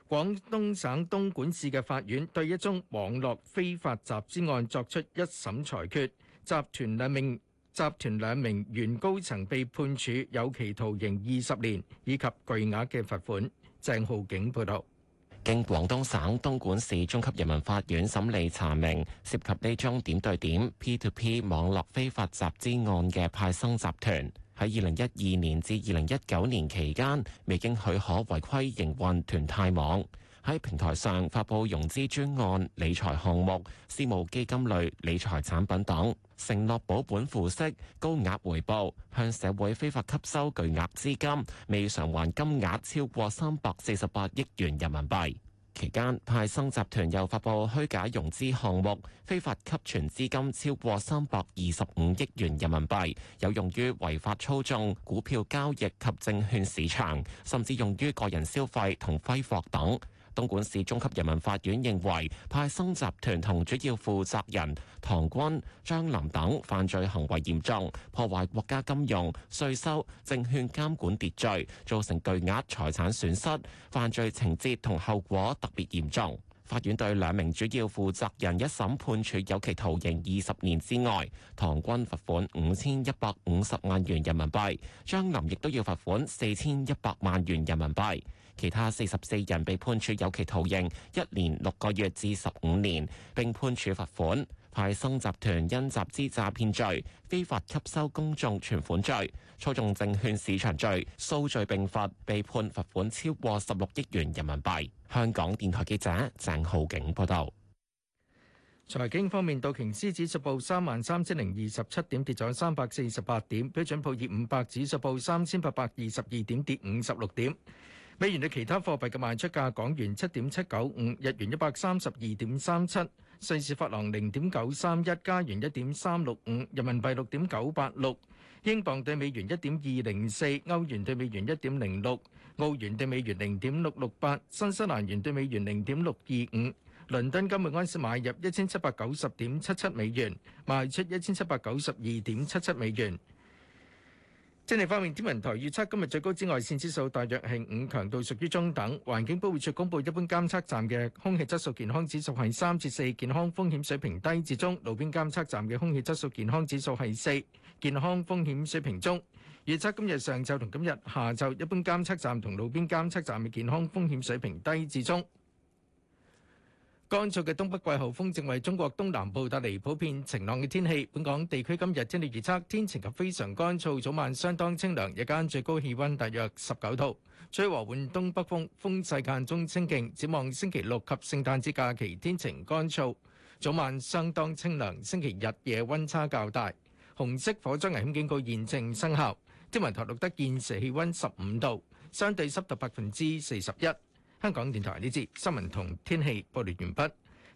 廣東省東莞市嘅法院對一宗網絡非法集資案作出一審裁決，集團兩名集團兩名原高層被判處有期徒刑二十年以及巨額嘅罰款。鄭浩景報道。經廣東省東莞市中級人民法院審理查明，涉及呢宗點對點 P to P 網絡非法集資案嘅派生集團，喺二零一二年至二零一九年期間，未經許可違規營運團貸網，喺平台上發佈融資專案、理財項目、私募基金類理財產品等。承諾保本付息、高額回報，向社會非法吸收巨額資金，未償還金額超過三百四十八億元人民幣。期間，派生集團又發布虛假融資項目，非法吸存資金超過三百二十五億元人民幣，有用於違法操縱股票交易及證券市場，甚至用於個人消費同揮霍等。東莞市中級人民法院認為，派生集團同主要負責人唐軍、張林等犯罪行為嚴重，破壞國家金融、稅收、證券監管秩序，造成巨額財產損失，犯罪情節同後果特別嚴重。法院對兩名主要負責人一審判處有期徒刑二十年之外，唐軍罰款五千一百五十萬元人民幣，張林亦都要罰款四千一百萬元人民幣。其他四十四人被判處有期徒刑一年六個月至十五年，並判處罰款。派生集團因集資詐騙罪、非法吸收公眾存款罪、操縱證券市場罪，數罪並罰，被判罰款超過十六億元人民幣。香港電台記者鄭浩景報道。財經方面，道瓊斯指數報三萬三千零二十七點，跌咗三百四十八點；標準普爾五百指數報三千八百二十二點，跌五十六點。美元對其他貨幣嘅賣出價：港元七點七九五，日元一百三十二點三七，瑞士法郎零點九三一，加元一點三六五，人民幣六點九八六，英鎊對美元一點二零四，歐元對美元一點零六，澳元對美元零點六六八，新西蘭元對美元零點六二五。倫敦金每安士買入一千七百九十點七七美元，賣出一千七百九十二點七七美元。天氣方面，天文台預測今日最高紫外線指數大約係五，強度屬於中等。環境保護署公布一般監測站嘅空氣質素健康指數係三至四，健康風險水平低至中；路邊監測站嘅空氣質素健康指數係四，健康風險水平中。預測今日上晝同今日下晝，一般監測站同路邊監測站嘅健康風險水平低至中。乾燥嘅東北季候風正為中國東南部帶嚟普遍晴朗嘅天氣。本港地區今日天氣預測，天晴及非常乾燥，早晚相當清涼，日間最高氣温大約十九度，吹和緩東北風，風勢間中清勁。展望星期六及聖誕節假期天晴乾燥，早晚相當清涼，星期日夜温差較大。紅色火災危險警告現正生效。天文台錄得現時氣温十五度，相對濕度百分之四十一。香港電台呢節新聞同天氣播完畢，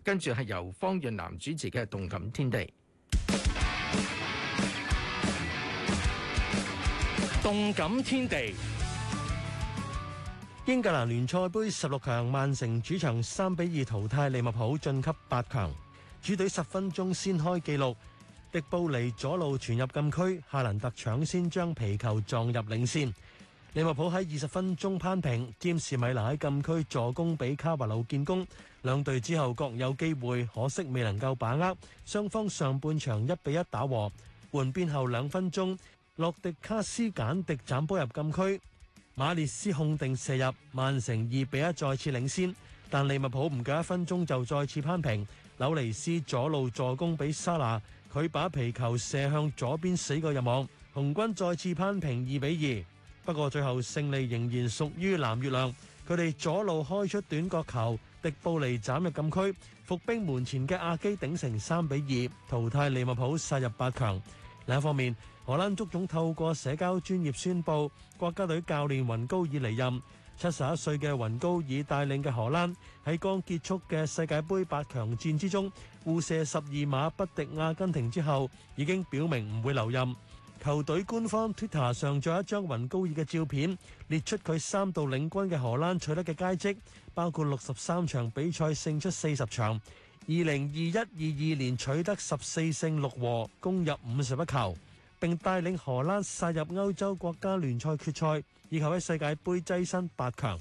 跟住係由方潤南主持嘅《動感天地》。動感天地。英格蘭聯賽盃十六強，曼城主場三比二淘汰利物浦晉級八強。主隊十分鐘先開紀錄，迪布尼左路傳入禁區，夏蘭特搶先將皮球撞入領先。利物浦喺二十分鐘攀平，詹士米拿喺禁區助攻俾卡華路建功。兩隊之後各有機會，可惜未能夠把握。雙方上半場一比一打和。換邊後兩分鐘，洛迪卡斯簡迪斬波入禁區，馬列斯控定射入，曼城二比一再次領先。但利物浦唔夠一分鐘就再次攀平，紐尼斯左路助攻俾沙拿，佢把皮球射向左邊死角入網，紅軍再次攀平二比二。不過最後勝利仍然屬於藍月亮，佢哋左路開出短角球，迪布尼斬入禁區，伏兵門前嘅阿基頂成3球隊官方 Twitter 上載一張雲高爾嘅照片，列出佢三度領軍嘅荷蘭取得嘅佳績，包括六十三場比賽勝出四十場，二零二一二二年取得十四勝六和，攻入五十一球，並帶領荷蘭殺入歐洲國家聯賽決賽，以及喺世界杯躋身八強。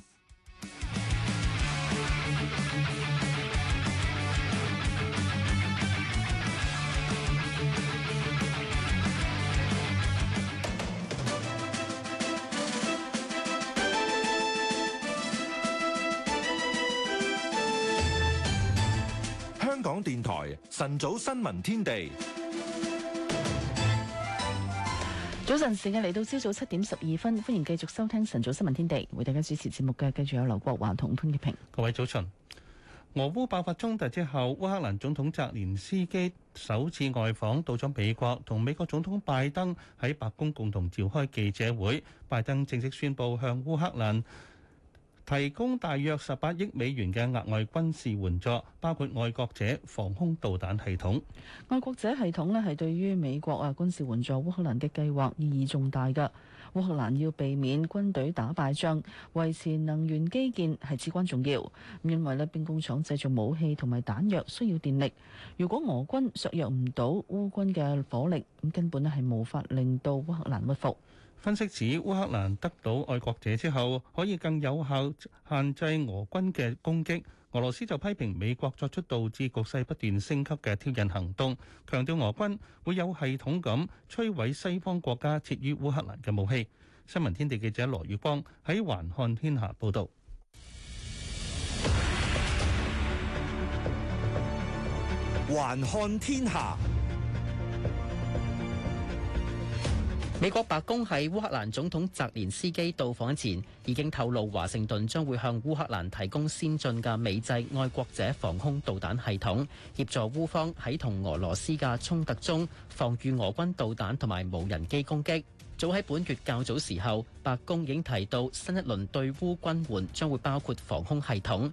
晨早新聞天地，早晨時間嚟到朝早七點十二分，歡迎繼續收聽晨早新聞天地，為大家主持節目嘅繼續有劉國華同潘潔平。各位早晨，俄烏爆發衝突之後，烏克蘭總統澤連斯基首次外訪，到咗美國，同美國總統拜登喺白宮共同召開記者會，拜登正式宣布向烏克蘭。提供大約十八億美元嘅額外軍事援助，包括愛國者防空導彈系統。愛國者系統咧係對於美國啊軍事援助烏克蘭嘅計劃意義重大嘅。烏克蘭要避免軍隊打敗仗，維持能源基建係至關重要。因為咧兵工廠製造武器同埋彈藥需要電力，如果俄軍削弱唔到烏軍嘅火力，咁根本咧係無法令到烏克蘭屈服。分析指，烏克蘭得到愛國者之後，可以更有效限制俄軍嘅攻擊。俄羅斯就批評美國作出導致局勢不斷升級嘅挑釁行動，強調俄軍會有系統咁摧毀西方國家設於烏克蘭嘅武器。新聞天地記者羅宇邦喺環看天下報導。環看天下。報美國白宮喺烏克蘭總統澤連斯基到訪前，已經透露華盛頓將會向烏克蘭提供先進嘅美製愛國者防空導彈系統，協助烏方喺同俄羅斯嘅衝突中防禦俄軍導彈同埋無人機攻擊。早喺本月較早時候，白宮已經提到新一輪對烏軍援將會包括防空系統。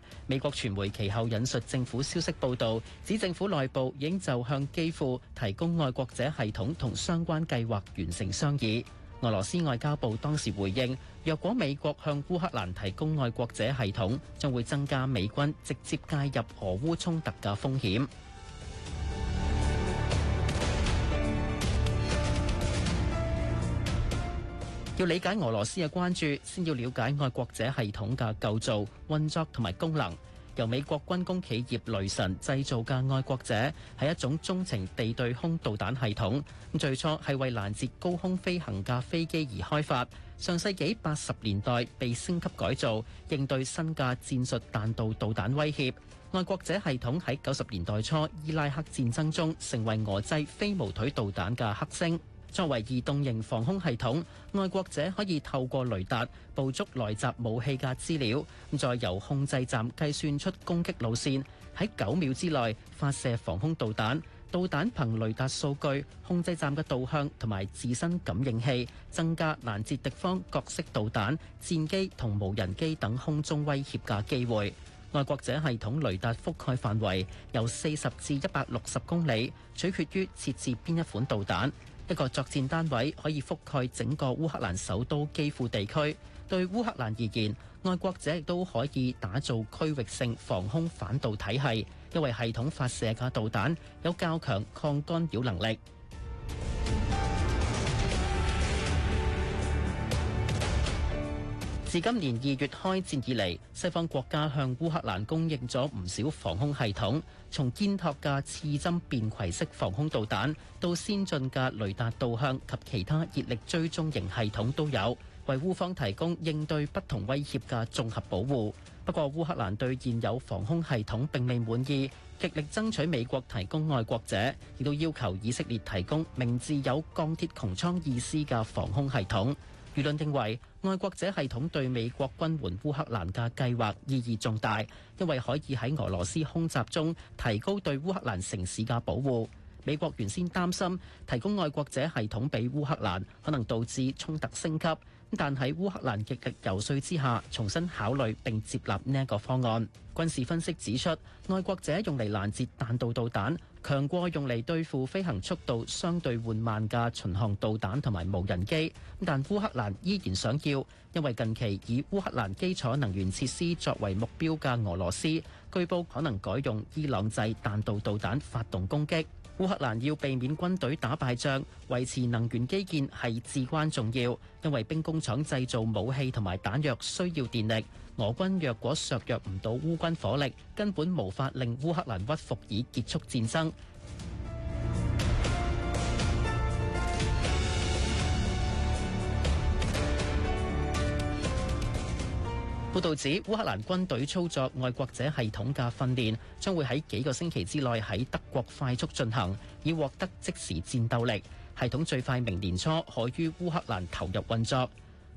要理解俄羅斯嘅關注，先要了解愛國者系統嘅構造、運作同埋功能。由美國軍工企業雷神製造嘅愛國者係一種中程地對空導彈系統。最初係為攔截高空飛行嘅飛機而開發。上世紀八十年代被升級改造，應對新嘅戰術彈道導彈威脅。愛國者系統喺九十年代初伊拉克戰爭中，成為俄製飛毛腿導彈嘅剋星。作為移動型防空系統，愛國者可以透過雷達捕捉來襲武器嘅資料，咁再由控制站計算出攻擊路線，喺九秒之內發射防空導彈。導彈憑雷達數據、控制站嘅導向同埋自身感應器，增加攔截敵方各式導彈、戰機同無人機等空中威脅嘅機會。愛國者系統雷達覆蓋範圍由四十至一百六十公里，取決於設置邊一款導彈。一個作戰單位可以覆蓋整個烏克蘭首都基輔地區。對烏克蘭而言，愛國者亦都可以打造區域性防空反導體系，因為系統發射嘅導彈有較強抗干擾能力。自今年二月開戰以嚟，西方國家向烏克蘭供應咗唔少防空系統，從肩托架刺針便攜式防空導彈到先進嘅雷達導向及其他熱力追蹤型系統都有，為烏方提供應對不同威脅嘅綜合保護。不過，烏克蘭對現有防空系統並未滿意，極力爭取美國提供愛國者，亦都要求以色列提供名字有鋼鐵穹蒼意思嘅防空系統。輿論認為，愛國者系統對美國軍援烏克蘭嘅計劃意義重大，因為可以喺俄羅斯空襲中提高對烏克蘭城市嘅保護。美國原先擔心提供愛國者系統俾烏克蘭，可能導致衝突升級。但喺烏克蘭極力游說之下，重新考慮並接納呢一個方案。軍事分析指出，愛國者用嚟攔截彈道導彈。強過用嚟對付飛行速度相對緩慢嘅巡航導彈同埋無人機，但烏克蘭依然想要，因為近期以烏克蘭基礎能源設施作為目標嘅俄羅斯，據報可能改用伊朗製彈道導彈發動攻擊。烏克蘭要避免軍隊打敗仗，維持能源基建係至關重要，因為兵工廠製造武器同埋彈藥需要電力。俄軍若果削弱唔到烏軍火力，根本無法令烏克蘭屈服以結束戰爭。報導指，烏克蘭軍隊操作愛國者系統嘅訓練將會喺幾個星期之內喺德國快速進行，以獲得即時戰鬥力。系統最快明年初可於烏克蘭投入運作。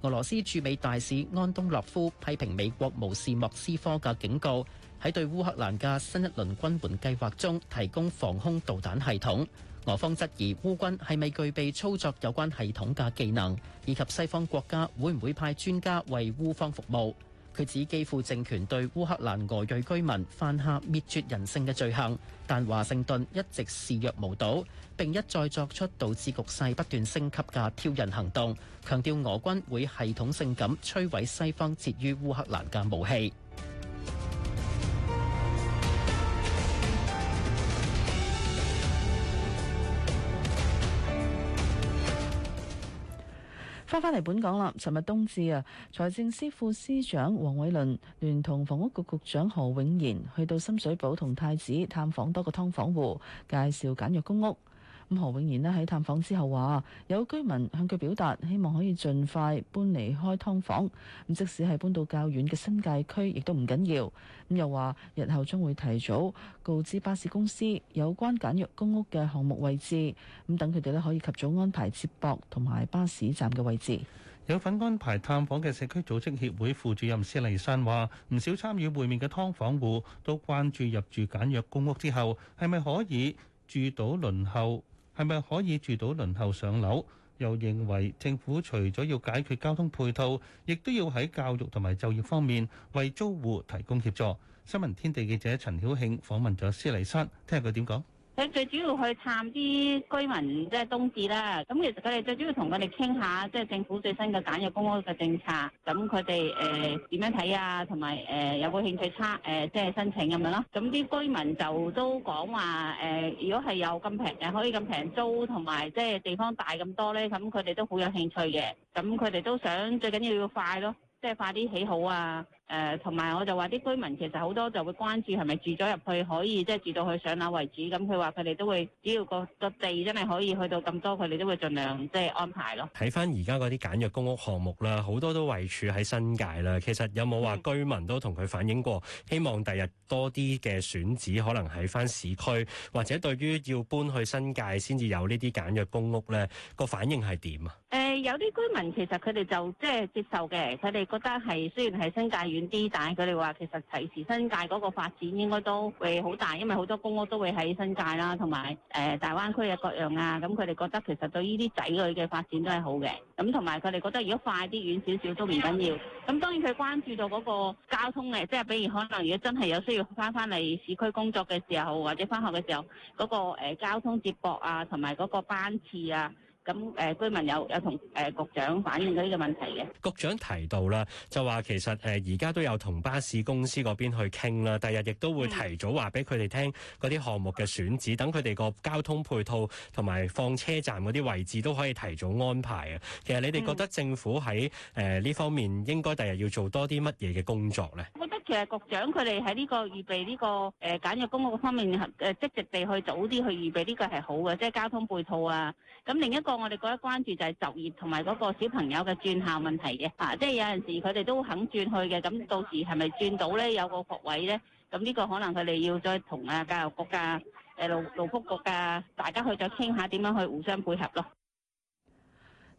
俄羅斯駐美大使安東諾夫批評美國無視莫斯科嘅警告，喺對烏克蘭嘅新一輪軍援計劃中提供防空導彈系統。俄方質疑烏軍係咪具備操作有關系統嘅技能，以及西方國家會唔會派專家為烏方服務。佢指基輔政權對烏克蘭俄裔居民犯下滅絕人性嘅罪行，但華盛頓一直視若無睹，並一再作出導致局勢不斷升級嘅挑釁行動，強調俄軍會系統性咁摧毀西方設於烏克蘭嘅武器。翻返嚟本港啦！尋日冬至啊，財政司副司長黃偉綸聯同房屋局局長何永賢去到深水埗同太子探訪多個劏房戶，介紹簡約公屋。咁何永賢咧喺探訪之後話，有居民向佢表達希望可以盡快搬離開劏房，即使係搬到較遠嘅新界區，亦都唔緊要。咁又話，日後將會提早告知巴士公司有關簡約公屋嘅項目位置，咁等佢哋咧可以及早安排接駁同埋巴士站嘅位置。有份安排探訪嘅社區組織協會副主任施麗珊話，唔少參與會面嘅㓥房戶都關注入住簡約公屋之後係咪可以住到輪候。係咪可以住到輪候上樓？又認為政府除咗要解決交通配套，亦都要喺教育同埋就業方面為租戶提供協助。新聞天地記者陳曉慶訪問咗施麗珊，聽下佢點講。佢最主要去探啲居民，即係冬至啦。咁其實佢哋最主要同佢哋傾下，即係政府最新嘅簡約公屋嘅政策。咁佢哋誒點樣睇啊？同埋誒有冇、呃、興趣參誒即係申請咁樣咯。咁啲居民就都講話誒，如果係有咁平誒，可以咁平租，同埋即係地方大咁多咧，咁佢哋都好有興趣嘅。咁佢哋都想最緊要要快咯，即係快啲起好啊！誒，同埋我就話啲居民其實好多就會關注係咪住咗入去可以即係、就是、住到去上樓為止，咁佢話佢哋都會只要個個地真係可以去到咁多，佢哋都會盡量即係安排咯。睇翻而家嗰啲簡約公屋項目啦，好多都位處喺新界啦。其實有冇話居民都同佢反映過，嗯、希望第日多啲嘅選址可能喺翻市區，或者對於要搬去新界先至有呢啲簡約公屋咧，個反應係點啊？誒、呃，有啲居民其實佢哋就即係接受嘅，佢哋覺得係雖然係新界。遠啲，但係佢哋話其實提前新界嗰個發展應該都會好大，因為好多公屋都會喺新界啦，同埋誒大灣區嘅各樣啊，咁佢哋覺得其實對呢啲仔女嘅發展都係好嘅，咁同埋佢哋覺得如果快啲遠少少都唔緊要，咁當然佢關注到嗰個交通嘅，即係比如可能如果真係有需要翻翻嚟市區工作嘅時候，或者翻學嘅時候，嗰個誒交通接駁啊，同埋嗰個班次啊。咁誒、呃，居民有有同誒、呃、局長反映過呢個問題嘅。局長提到啦，就話其實誒而家都有同巴士公司嗰邊去傾啦，第日亦都會提早話俾佢哋聽嗰啲項目嘅選址，等佢哋個交通配套同埋放車站嗰啲位置都可以提早安排啊。其實你哋覺得政府喺誒呢方面應該第日要做多啲乜嘢嘅工作咧？其實局長佢哋喺呢個預備呢個誒簡約公屋嘅方面誒積極地去早啲去預備呢個係好嘅，即係交通配套啊。咁另一個我哋覺得關注就係就業同埋嗰個小朋友嘅轉校問題嘅啊，即係有陣時佢哋都肯轉去嘅，咁到時係咪轉到呢有個學位呢？咁呢個可能佢哋要再同啊教育局啊誒勞勞福局啊，大家去再傾下點樣去互相配合咯。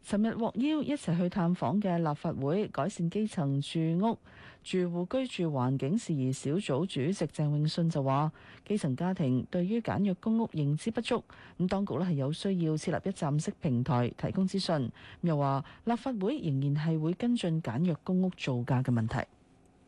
尋日獲邀一齊去探訪嘅立法會改善基層住屋住戶居住環境事宜小組主席鄭永信就話，基層家庭對於簡約公屋認知不足，咁當局呢係有需要設立一站式平台提供資訊。又話立法會仍然係會跟進簡約公屋造價嘅問題。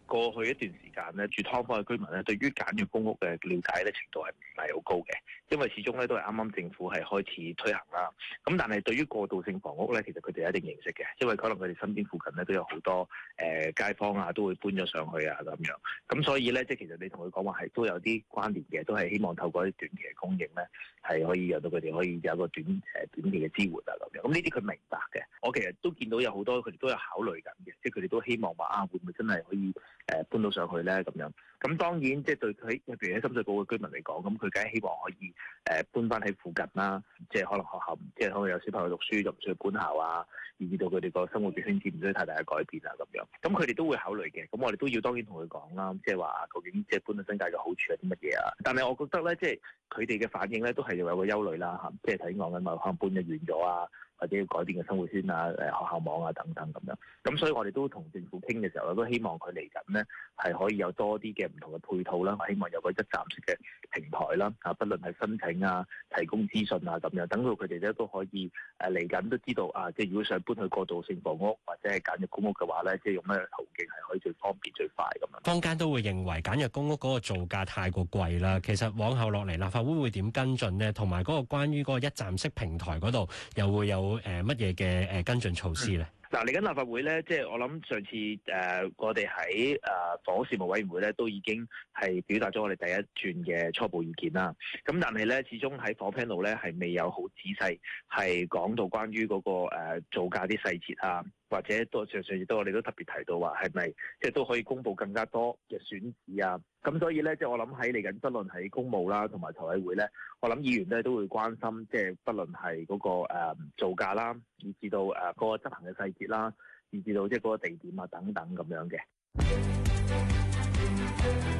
過去一段時間咧住劏房嘅居民咧，對於簡約公屋嘅了解咧程度係唔係好高嘅？因為始終咧都係啱啱政府係開始推行啦。咁但係對於過渡性房屋咧，其實佢哋一定認識嘅，因為可能佢哋身邊附近咧都有好多誒、呃、街坊啊，都會搬咗上去啊咁樣。咁所以咧，即係其實你同佢講話係都有啲關聯嘅，都係希望透過啲短期嘅供應咧，係可以讓到佢哋可以有一個短誒短期嘅支援啊咁樣。咁呢啲佢明白嘅。我其實都見到有好多佢哋都有考慮緊嘅，即係佢哋都希望話啊，會唔會真係可以誒、呃、搬到上去？咧咁樣，咁 (music) 當然即係對佢喺譬如喺深水埗嘅居民嚟講，咁佢梗係希望可以誒搬翻喺附近啦，即係可能學校，即係可能有小朋友讀書就唔需要搬校啊，而致到佢哋個生活嘅圈子唔需要太大嘅改變啊咁樣，咁佢哋都會考慮嘅，咁我哋都要當然同佢講啦，即係話究竟即係搬去新界嘅好處係啲乜嘢啊？但係我覺得咧，即係佢哋嘅反應咧，都係有個憂慮啦嚇，即係睇我嘅話，可能搬得遠咗啊。或者要改變嘅生活圈啊、誒學校網啊等等咁樣，咁所以我哋都同政府傾嘅時候，我都希望佢嚟緊咧係可以有多啲嘅唔同嘅配套啦。我希望有個一站式嘅平台啦，啊，不論係申請啊、提供資訊啊咁樣，等到佢哋咧都可以誒嚟緊都知道啊，即係如果想搬去過渡性房屋或者係簡約公屋嘅話咧，即係用咩途徑係可以最方便最快咁樣。坊間都會認為簡約公屋嗰個造價太過貴啦。其實往後落嚟，立法會會點跟進咧？同埋嗰個關於嗰個一站式平台嗰度又會有。誒乜嘢嘅，誒跟進措施咧？嗱嚟緊立法會咧，即係我諗上次誒，我哋喺誒房屋事務委員會咧，都已經係表達咗我哋第一段嘅初步意見啦。咁但係咧，始終喺火 panel 咧，係未有好仔細係講到關於嗰個誒造價啲細節啊。或者多上上月都我哋都特別提到話，係咪即係都可以公布更加多嘅選址啊？咁所以咧，即係我諗喺嚟緊不論喺公務啦，同埋財委會咧，我諗議員咧都會關心，即係不論係嗰個誒、呃、造價啦，以至到誒嗰個執行嘅細節啦，以至到即係個地點啊等等咁樣嘅。 (music)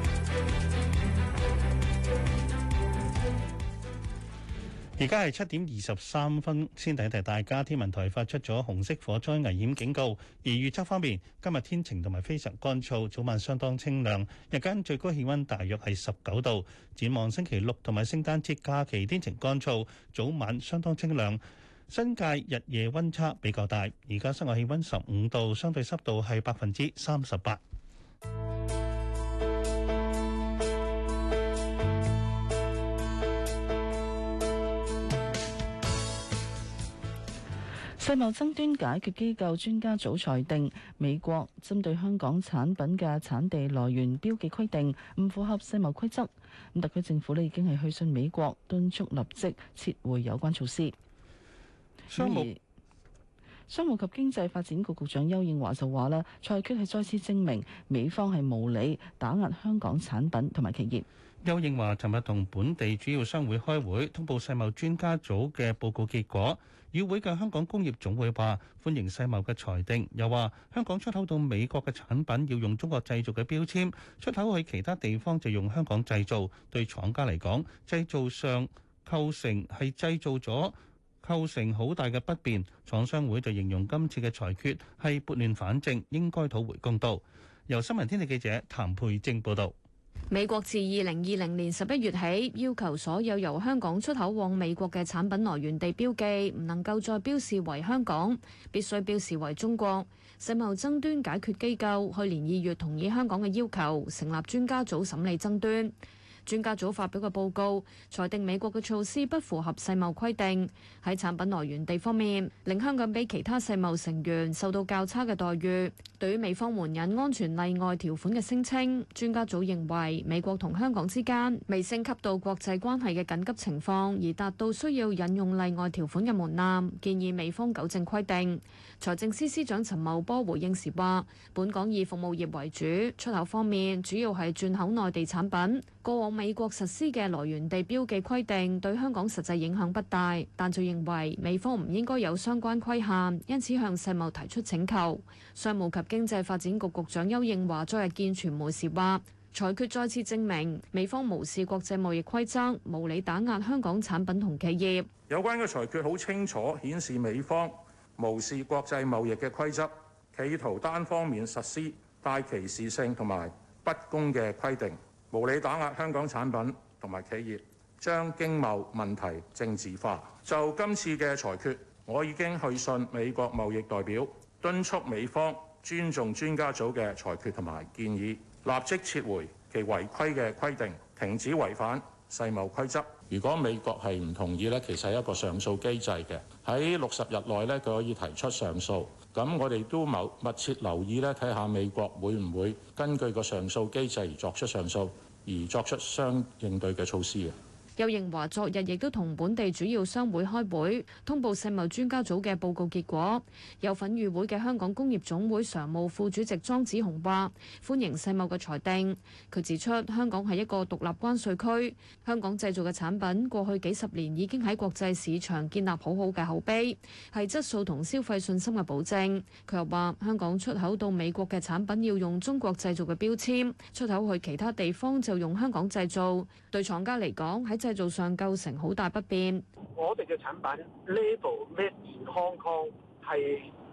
而家係七點二十三分，先提一提大家。天文台係發出咗紅色火災危險警告。而預測方面，今日天晴同埋非常乾燥，早晚相當清涼。日間最高氣温大約係十九度。展望星期六同埋聖誕節假期天晴乾燥，早晚相當清涼。新界日夜温差比較大。而家室外氣温十五度，相對濕度係百分之三十八。世貿爭端解決機構專家組裁定，美國針對香港產品嘅產地來源標記規定唔符合世貿規則。咁特區政府咧已經係去信美國，敦促立即撤回有關措施。商務、商務及經濟發展局局長邱應華就話啦，裁決係再次證明美方係無理打壓香港產品同埋企業。邱應華尋日同本地主要商會開會，通報世貿專家組嘅報告結果。與會嘅香港工業總會話歡迎世貿嘅裁定，又話香港出口到美國嘅產品要用中國製造嘅標籤，出口去其他地方就用香港製造。對廠家嚟講，製造上構成係製造咗構成好大嘅不便。廠商會就形容今次嘅裁決係撥亂反正，應該討回公道。由新聞天地記者譚佩晶報道。美國自二零二零年十一月起，要求所有由香港出口往美國嘅產品來源地標記唔能夠再標示為香港，必須標示為中國。世貿爭端解決機構去年二月同意香港嘅要求，成立專家組審理爭端。專家組發表嘅報告裁定，美國嘅措施不符合世貿規定。喺產品來源地方面，令香港比其他世貿成員受到較差嘅待遇。對於美方援引安全例外條款嘅聲稱，專家組認為美國同香港之間未升級到國際關係嘅緊急情況，而達到需要引用例外條款嘅門檻，建議美方糾正規定。財政司司長陳茂波回應時話：本港以服務業為主，出口方面主要係轉口內地產品。過往美國實施嘅來源地標記規定對香港實際影響不大，但就認為美方唔應該有相關規限，因此向世貿提出請求。商務及經濟發展局局長邱應華昨日見傳媒時話：裁決再次證明美方無視國際貿易規則，無理打壓香港產品同企業。有關嘅裁決好清楚顯示美方無視國際貿易嘅規則，企圖單方面實施帶歧視性同埋不公嘅規定，無理打壓香港產品同埋企業，將經貿問題政治化。就今次嘅裁決，我已經去信美國貿易代表，敦促美方尊重專家組嘅裁決同埋建議，立即撤回其違規嘅規定，停止違反世貿規則。如果美國係唔同意咧，其實係一個上訴機制嘅。喺六十日內咧，佢可以提出上訴。咁我哋都冇密切留意咧，睇下美國會唔會根據個上訴機制作出上訴，而作出相應對嘅措施嘅。邱騰華昨日亦都同本地主要商會開會，通報世貿專家組嘅報告結果。有份與會嘅香港工業總會常務副主席莊子雄話歡迎世貿嘅裁定。佢指出，香港係一個獨立關稅區，香港製造嘅產品過去幾十年已經喺國際市場建立好好嘅口碑，係質素同消費信心嘅保證。佢又話香港出口到美國嘅產品要用中國製造嘅標籤，出口去其他地方就用香港製造。對廠家嚟講喺製製造上構成好大不便。我哋嘅產品 Label Made in Hong Kong 係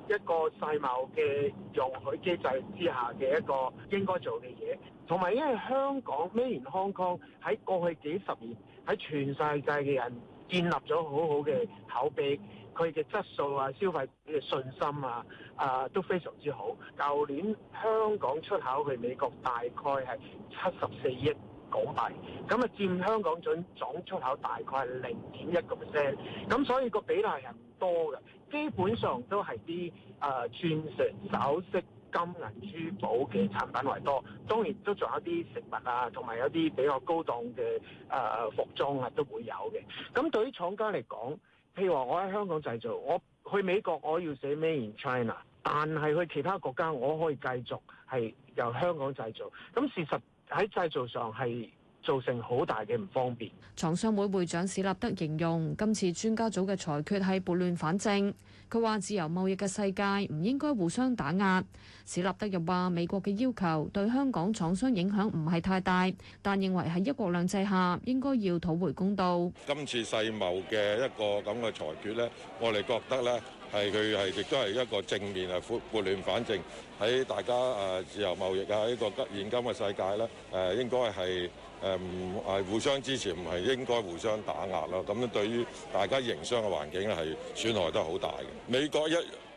一個世貿嘅容許機制之下嘅一個應該做嘅嘢，同埋因為香港 Made in Hong Kong 喺過去幾十年喺全世界嘅人建立咗好好嘅口碑，佢嘅質素啊、消費嘅信心啊，啊都非常之好。舊年香港出口去美國大概係七十四億。港幣咁啊，佔香港總總出口大概係零點一個 percent，咁所以個比例係唔多嘅，基本上都係啲誒鑽石、首、呃、飾、金銀珠寶嘅產品為多，當然都仲有啲食物啊，同埋有啲比較高檔嘅誒、呃、服裝啊都會有嘅。咁對於廠家嚟講，譬如話我喺香港製造，我去美國我要寫 Made in China，但係去其他國家我可以繼續係由香港製造。咁事實。喺製造上係造成好大嘅唔方便。廠商會會長史立德形容今次專家組嘅裁決係撥亂反正。佢話自由貿易嘅世界唔應該互相打壓。史立德又話美國嘅要求對香港廠商影響唔係太大，但認為喺一國兩制下應該要討回公道。今次世貿嘅一個咁嘅裁決呢，我哋覺得呢。係佢係亦都係一個正面啊，撥亂反正，喺大家啊、呃、自由貿易啊呢個現今嘅世界咧，誒、呃、應該係誒唔係互相支持，唔係應該互相打壓啦。咁樣對於大家營商嘅環境咧，係損害得好大嘅。美國一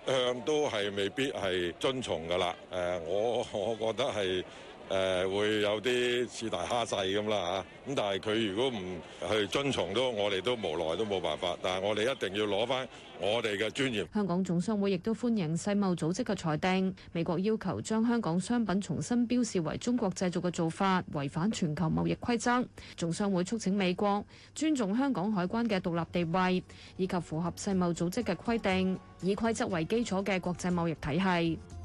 向都係未必係遵從㗎啦。誒、呃，我我覺得係。誒、呃、會有啲似大蝦細咁啦嚇，咁但係佢如果唔去遵從都，我哋都無奈都冇辦法。但係我哋一定要攞翻我哋嘅專業。香港總商會亦都歡迎世貿組織嘅裁定，美國要求將香港商品重新標示為中國製造嘅做法違反全球貿易規則。總商會促請美國尊重香港海關嘅獨立地位，以及符合世貿組織嘅規定，以規則為基礎嘅國際貿易體系。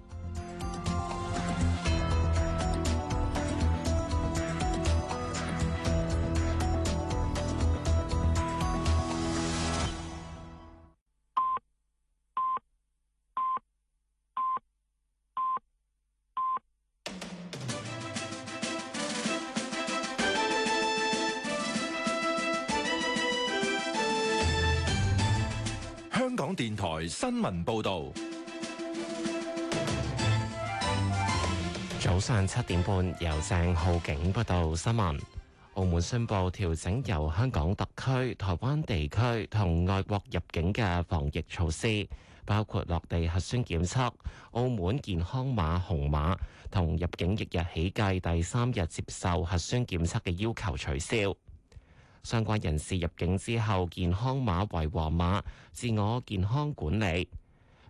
新聞報導，早上七點半由鄭浩景報道新聞。澳門宣布調整由香港特區、台灣地區同外國入境嘅防疫措施，包括落地核酸檢測。澳門健康碼紅碼同入境翌日起計第三日接受核酸檢測嘅要求取消。相關人士入境之後，健康碼為黃碼，自我健康管理。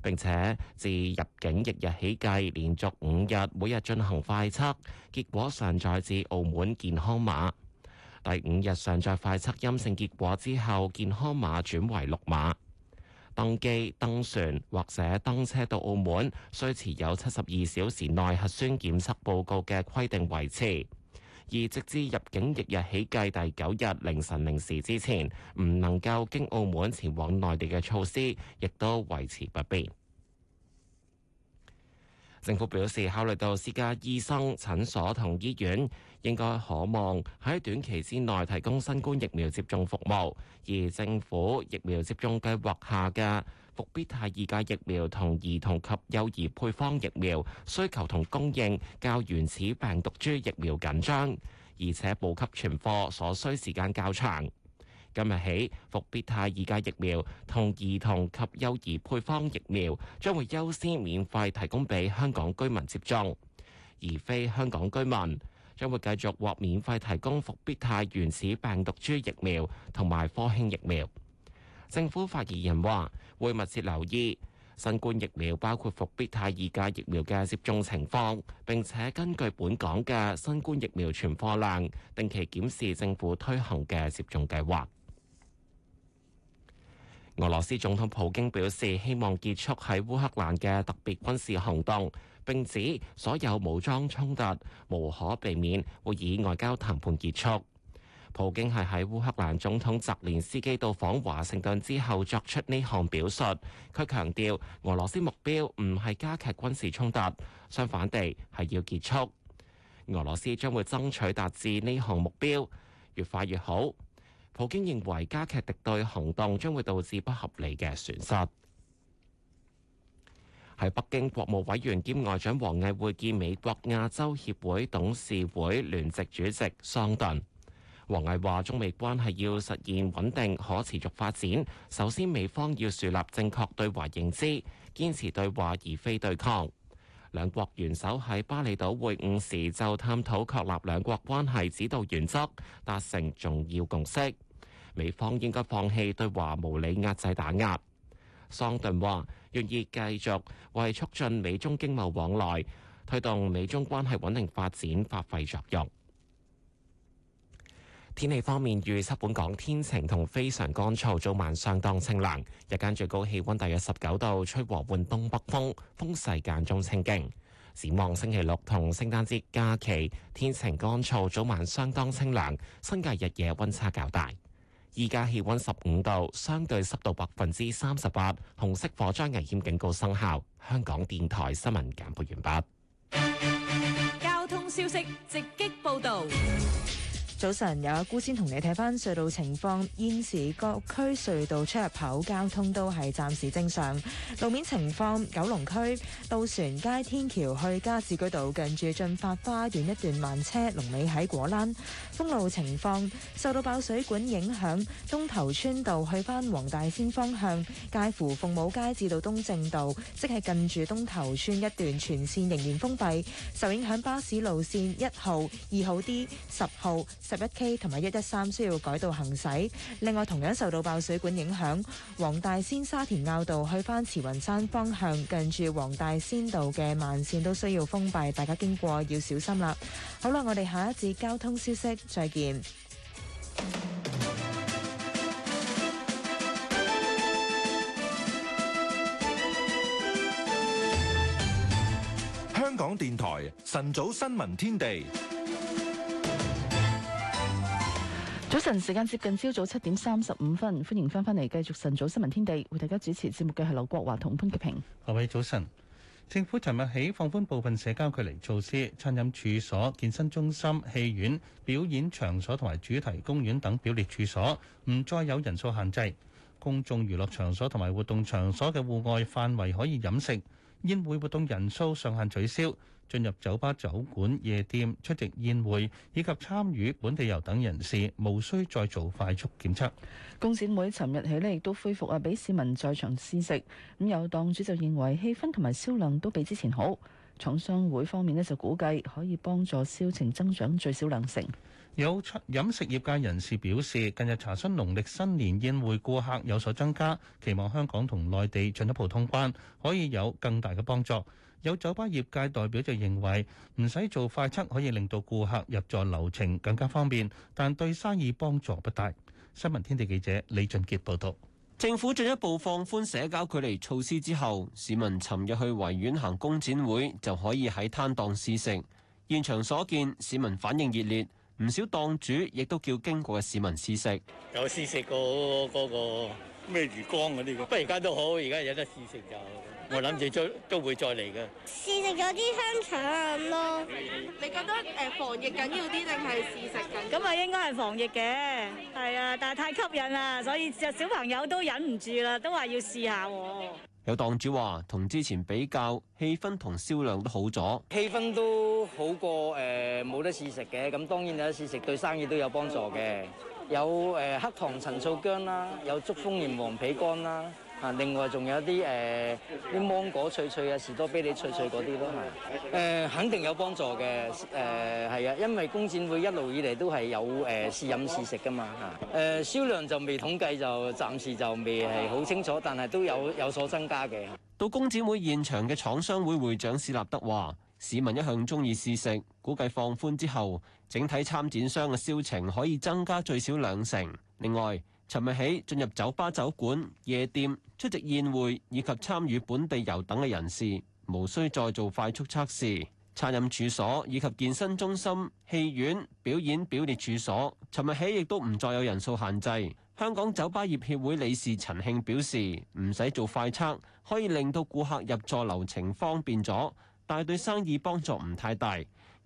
並且自入境翌日起計，連續五日每日進行快測，結果上載至澳門健康碼。第五日上載快測陰性結果之後，健康碼轉為綠碼。登機、登船或者登車到澳門，需持有七十二小時內核酸檢測報告嘅規定維持。而直至入境翌日起計第九日凌晨零時之前，唔能夠經澳門前往內地嘅措施，亦都維持不變。政府表示，考慮到私家醫生診所同醫院應該可望喺短期之內提供新冠疫苗接種服務，而政府疫苗接種計劃下嘅。復必泰二價疫苗同兒童及幼兒配方疫苗需求同供應較原始病毒株疫苗緊張，而且補給存貨所需時間較長。今日起，復必泰二價疫苗同兒童及幼兒配方疫苗將會優先免費提供俾香港居民接種，而非香港居民將會繼續獲免費提供復必泰原始病毒株疫苗同埋科興疫苗。政府發言人話：會密切留意新冠疫苗，包括伏必泰二價疫苗嘅接種情況，並且根據本港嘅新冠疫苗存貨量，定期檢視政府推行嘅接種計劃。俄羅斯總統普京表示，希望結束喺烏克蘭嘅特別軍事行動，並指所有武裝衝突無可避免會以外交談判結束。普京係喺烏克蘭總統澤連斯基到訪華盛頓之後作出呢項表述。佢強調，俄羅斯目標唔係加劇軍事衝突，相反地係要結束。俄羅斯將會爭取達至呢項目標，越快越好。普京認為加劇敵對行動將會導致不合理嘅損失。喺北京，國務委員兼外長王毅會見美國亞洲協會董事會董事會聯席主席桑頓。王毅話：中美關係要實現穩定可持續發展，首先美方要樹立正確對華認知，堅持對話而非對抗。兩國元首喺巴厘島會晤時就探討確立兩國關係指導原則，達成重要共識。美方應該放棄對華無理壓制打壓。桑頓話：願意繼續為促進美中經貿往來、推動美中關係穩定發展發揮作用。天氣方面，預測本港天晴同非常乾燥，早晚相當清涼，日間最高氣溫大約十九度，吹和緩東北風，風勢間中清勁。展望星期六同聖誕節假期，天晴乾燥，早晚相當清涼，新界日夜溫差較大。依家氣溫十五度，相對濕度百分之三十八，紅色火災危險警告生效。香港電台新聞簡報完畢。交通消息直擊報道。早晨，有阿姑先同你睇翻隧道情況。現時各區隧道出入口交通都係暫時正常。路面情況，九龍區渡船街天橋去加士居道近住駿發花園一段慢車，龍尾喺果欄。封路情況，受到爆水管影響，東頭村道去翻黃大仙方向，介乎鳳舞街至到東正道，即係近住東頭村一段全線仍然封閉。受影響巴士路線一號、二號 D、十號。十一 K 同埋一一三需要改道行駛，另外同樣受到爆水管影響，黃大仙沙田坳道去返慈雲山方向，近住黃大仙道嘅慢線都需要封閉，大家經過要小心啦。好啦，我哋下一節交通消息再見。香港電台晨早新聞天地。早晨，時間接近朝早七點三十五分，歡迎翻返嚟繼續晨早新聞天地。為大家主持節目嘅係劉國華同潘潔平。各位早晨，政府尋日起放寬部分社交距離措施，餐飲處所、健身中心、戲院、表演場所同埋主題公園等表列處所唔再有人數限制。公眾娛樂場所同埋活動場所嘅戶外範圍可以飲食，宴會活動人數上限取消。進入酒吧、酒館、夜店、出席宴會以及參與本地遊等人士，無需再做快速檢測。工展會尋日起咧，亦都恢復啊，俾市民在場試食。咁有檔主就認為氣氛同埋銷量都比之前好。廠商會方面咧，就估計可以幫助銷情增長最少兩成。有飲食業界人士表示，近日查詢農曆新年宴會顧客有所增加，期望香港同內地進一步通關，可以有更大嘅幫助。有酒吧業界代表就認為，唔使做快測可以令到顧客入座流程更加方便，但對生意幫助不大。新聞天地記者李俊傑報道。政府進一步放寬社交距離措施之後，市民尋日去維園行工展會，就可以喺攤檔試食。現場所見，市民反應熱烈，唔少檔主亦都叫經過嘅市民試食。有試食過嗰、嗰個咩、嗰個、魚缸嗰啲咁。不過而家都好，而家有得試食就。我諗住再都會再嚟嘅。試食咗啲香腸咁咯。你覺得誒防疫緊要啲定係試食緊？咁啊應該係防疫嘅，係啊，但係太吸引啦，所以就小朋友都忍唔住啦，都話要試下喎。有檔主話，同之前比較，氣氛同銷量都好咗。氣氛都好過誒冇得試食嘅，咁當然有得試食對生意都有幫助嘅。有誒黑糖陳醋薑啦，有竹蜂鹽黃皮乾啦。啊！另外仲有啲誒啲芒果脆脆啊，士多啤梨脆脆嗰啲咯係誒肯定有幫助嘅，誒係啊，因為工展會一路以嚟都係有誒試飲試食㗎嘛嚇。誒、呃、銷量就未統計就，就暫時就未係好清楚，但係都有有所增加嘅。到工展會現場嘅廠商會會長史立德話，市民一向中意試食，估計放寬之後，整體參展商嘅銷情可以增加最少兩成。另外，尋日起，進入酒吧、酒館、夜店、出席宴會以及參與本地遊等嘅人士，無需再做快速測試。餐飲處所以及健身中心、戲院、表演表列處所，尋日起亦都唔再有人數限制。香港酒吧業協會理事陳慶表示，唔使做快測可以令到顧客入座流程方便咗，但係對生意幫助唔太大。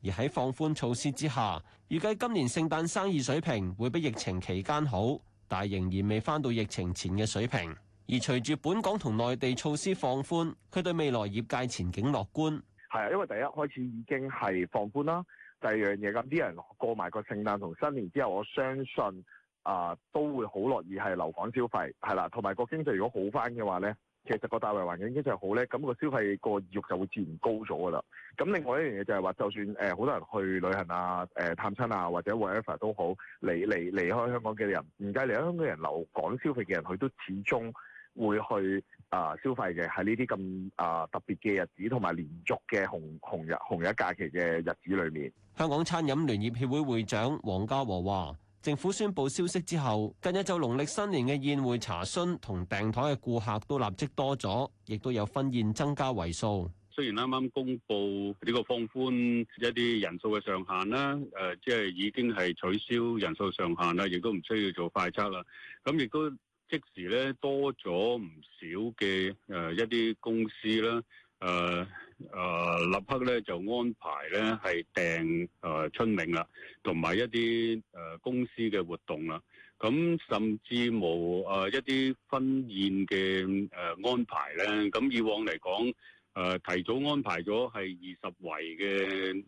而喺放寬措施之下，預計今年聖誕生意水平會比疫情期間好。但仍然未翻到疫情前嘅水平，而隨住本港同內地措施放寬，佢對未來業界前景樂觀。係啊，因為第一開始已經係放寬啦，第二樣嘢咁啲人過埋個聖誕同新年之後，我相信啊、呃、都會好樂意係留港消費，係啦，同埋個經濟如果好翻嘅話咧。其實個大圍環境經濟好咧，咁個消費個慾就會自然高咗噶啦。咁另外一樣嘢就係話，就算誒好多人去旅行啊、誒探親啊或者 whatever 都好，離離離開香港嘅人，唔計離開香港嘅人留港消費嘅人，佢都始終會去啊消費嘅喺呢啲咁啊特別嘅日子，同埋連續嘅紅紅日紅日假期嘅日子裏面。香港餐飲聯業協會會，會長黃家和話。政府宣布消息之後，近日就農曆新年嘅宴會查詢同訂枱嘅顧客都立即多咗，亦都有婚宴增加位數。雖然啱啱公布呢個放寬一啲人數嘅上限啦，誒、呃，即係已經係取消人數上限啦，亦都唔需要做快測啦。咁亦都即時咧多咗唔少嘅誒一啲公司啦，誒、呃。誒、呃、立刻咧就安排咧係訂誒、呃、春茗啦，同埋一啲誒、呃、公司嘅活動啦。咁甚至冇誒、呃、一啲婚宴嘅誒安排咧。咁以往嚟講誒提早安排咗係二十圍嘅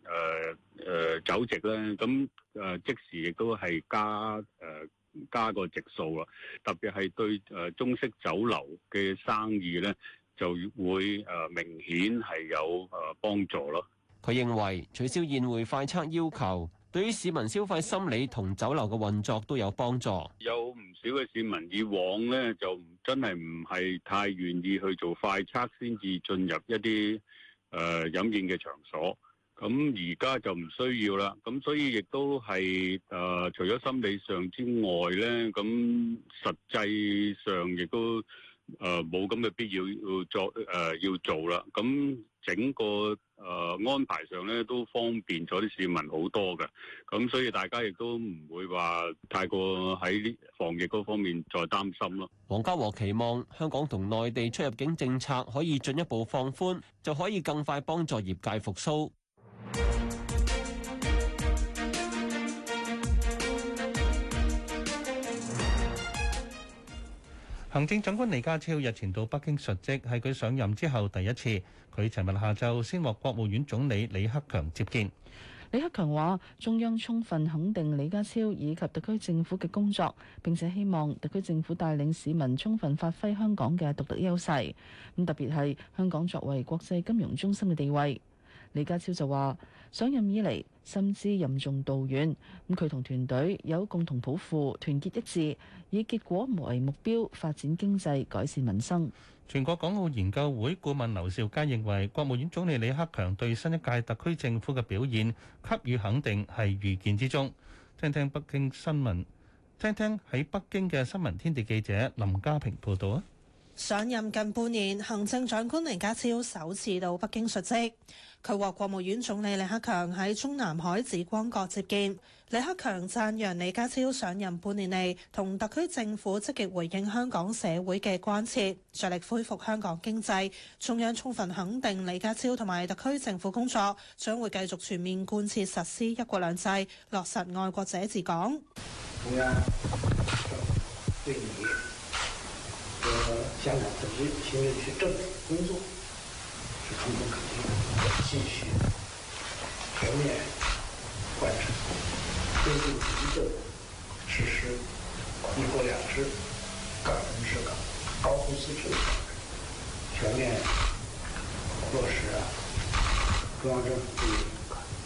誒誒酒席咧。咁、呃、誒即時亦都係加誒、呃、加個席數啦。特別係對誒、呃、中式酒樓嘅生意咧。就會誒明顯係有誒幫助咯。佢認為取消宴會快測要求，對於市民消費心理同酒樓嘅運作都有幫助。有唔少嘅市民以往咧就真係唔係太願意去做快測，先至進入一啲誒、呃、飲宴嘅場所。咁而家就唔需要啦。咁所以亦都係誒、呃、除咗心理上之外咧，咁實際上亦都。誒，冇咁嘅必要要做誒，要做啦。咁、呃、整個誒、呃、安排上咧，都方便咗啲市民好多㗎。咁所以大家亦都唔會話太過喺防疫嗰方面再擔心咯。黃家和期望香港同內地出入境政策可以進一步放寬，就可以更快幫助業界復蘇。行政長官李家超日前到北京述職，係佢上任之後第一次。佢尋日下晝先獲國務院總理李克強接見。李克強話：中央充分肯定李家超以及特區政府嘅工作，並且希望特區政府帶領市民充分發揮香港嘅獨特優勢。咁特別係香港作為國際金融中心嘅地位。李家超就話：上任以嚟，深知任重道遠，咁佢同團隊有共同抱負，團結一致，以結果為目標，發展經濟，改善民生。全國港澳研究會顧問劉兆佳認為，國務院總理李克強對新一屆特區政府嘅表現給予肯定，係預見之中。聽聽北京新聞，聽聽喺北京嘅新聞天地記者林家平報導啊！上任近半年，行政長官李家超首次到北京述職。佢獲國務院總理李克強喺中南海紫光閣接見。李克強讚揚李家超上任半年嚟，同特區政府積極回應香港社會嘅關切，着力恢復香港經濟。中央充分肯定李家超同埋特區政府工作，將會繼續全面貫徹實施一國兩制，落實愛國者治港。嗯嗯嗯和香港特別行政區政府工作是充分肯定的，繼續全面貫徹，堅定不移地實施一國兩制，港人治港、高度自治，全面落實，啊、中央政府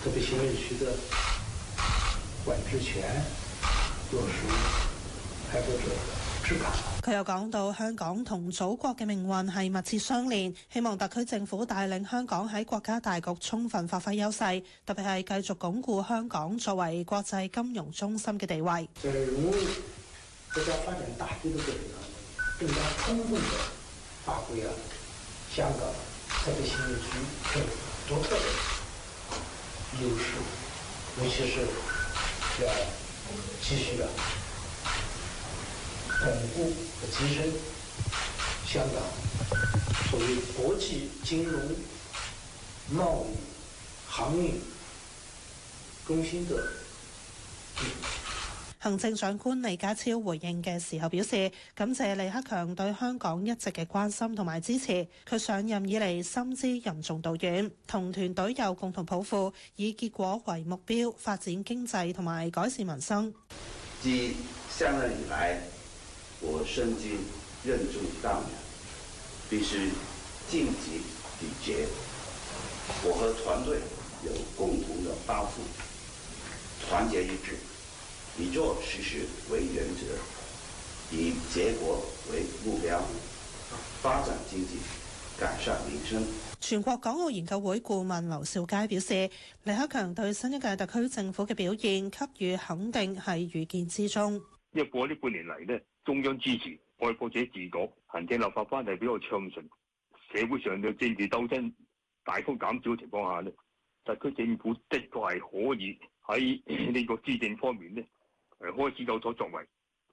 對特別行政區的管治權，落實開拓者。佢又講到香港同祖國嘅命運係密切相連，希望特區政府帶領香港喺國家大局充分發揮優勢，特別係繼續鞏固香港作為國際金融中心嘅地位。鞏固和提升香港作為國際金融、貿易、航運中心的地位。行政長官李家超回應嘅時候表示，感謝李克強對香港一直嘅關心同埋支持。佢上任以嚟，深知任重道遠，同團隊有共同抱負，以結果為目標，發展經濟同埋改善民生。自上任以來。我身經任重道遠，必須盡職履節。我和團隊有共同的抱負，團結一致，以做實事事為原則，以結果為目標，發展經濟，改善民生。全國港澳研究會顧問劉兆佳表示，李克強對新一屆特區政府嘅表現給予肯定，係預見之中。因為過呢半年嚟咧，中央支持愛國者治港、行政立法班係比較暢順，社會上的政治鬥爭大幅減少嘅情況下咧，特區政府的確係可以喺呢個施政方面咧，係開始有所作為。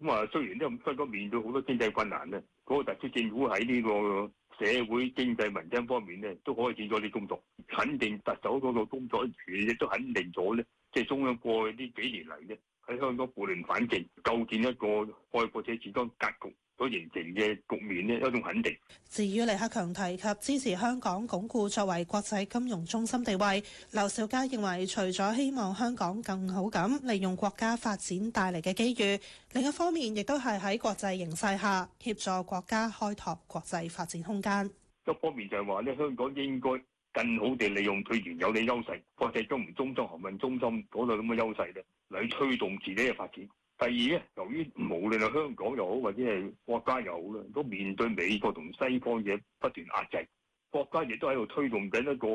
咁啊，雖然都咁香港面對好多經濟困難咧，嗰個特區政府喺呢個社會經濟民生方面咧，都可以做咗啲工作，肯定特首嗰個工作全嘅都肯定咗咧，即係中央過去呢幾年嚟咧。喺香港互亂反靜，構建一個愛國者治國格局所形成嘅局面呢一種肯定。至於李克強提及支持香港鞏固作為國際金融中心地位，劉兆佳認為，除咗希望香港更好咁利用國家發展帶嚟嘅機遇，另一方面亦都係喺國際形勢下協助國家開拓國際發展空間。一方面就係話呢，香港應該更好地利用佢原有嘅優勢，或者中唔中東航運中心嗰類咁嘅優勢咧。喺推動自己嘅發展。第二咧，由於無論係香港又好，或者係國家又好啦，都面對美國同西方嘅不斷壓制，國家亦都喺度推動緊一個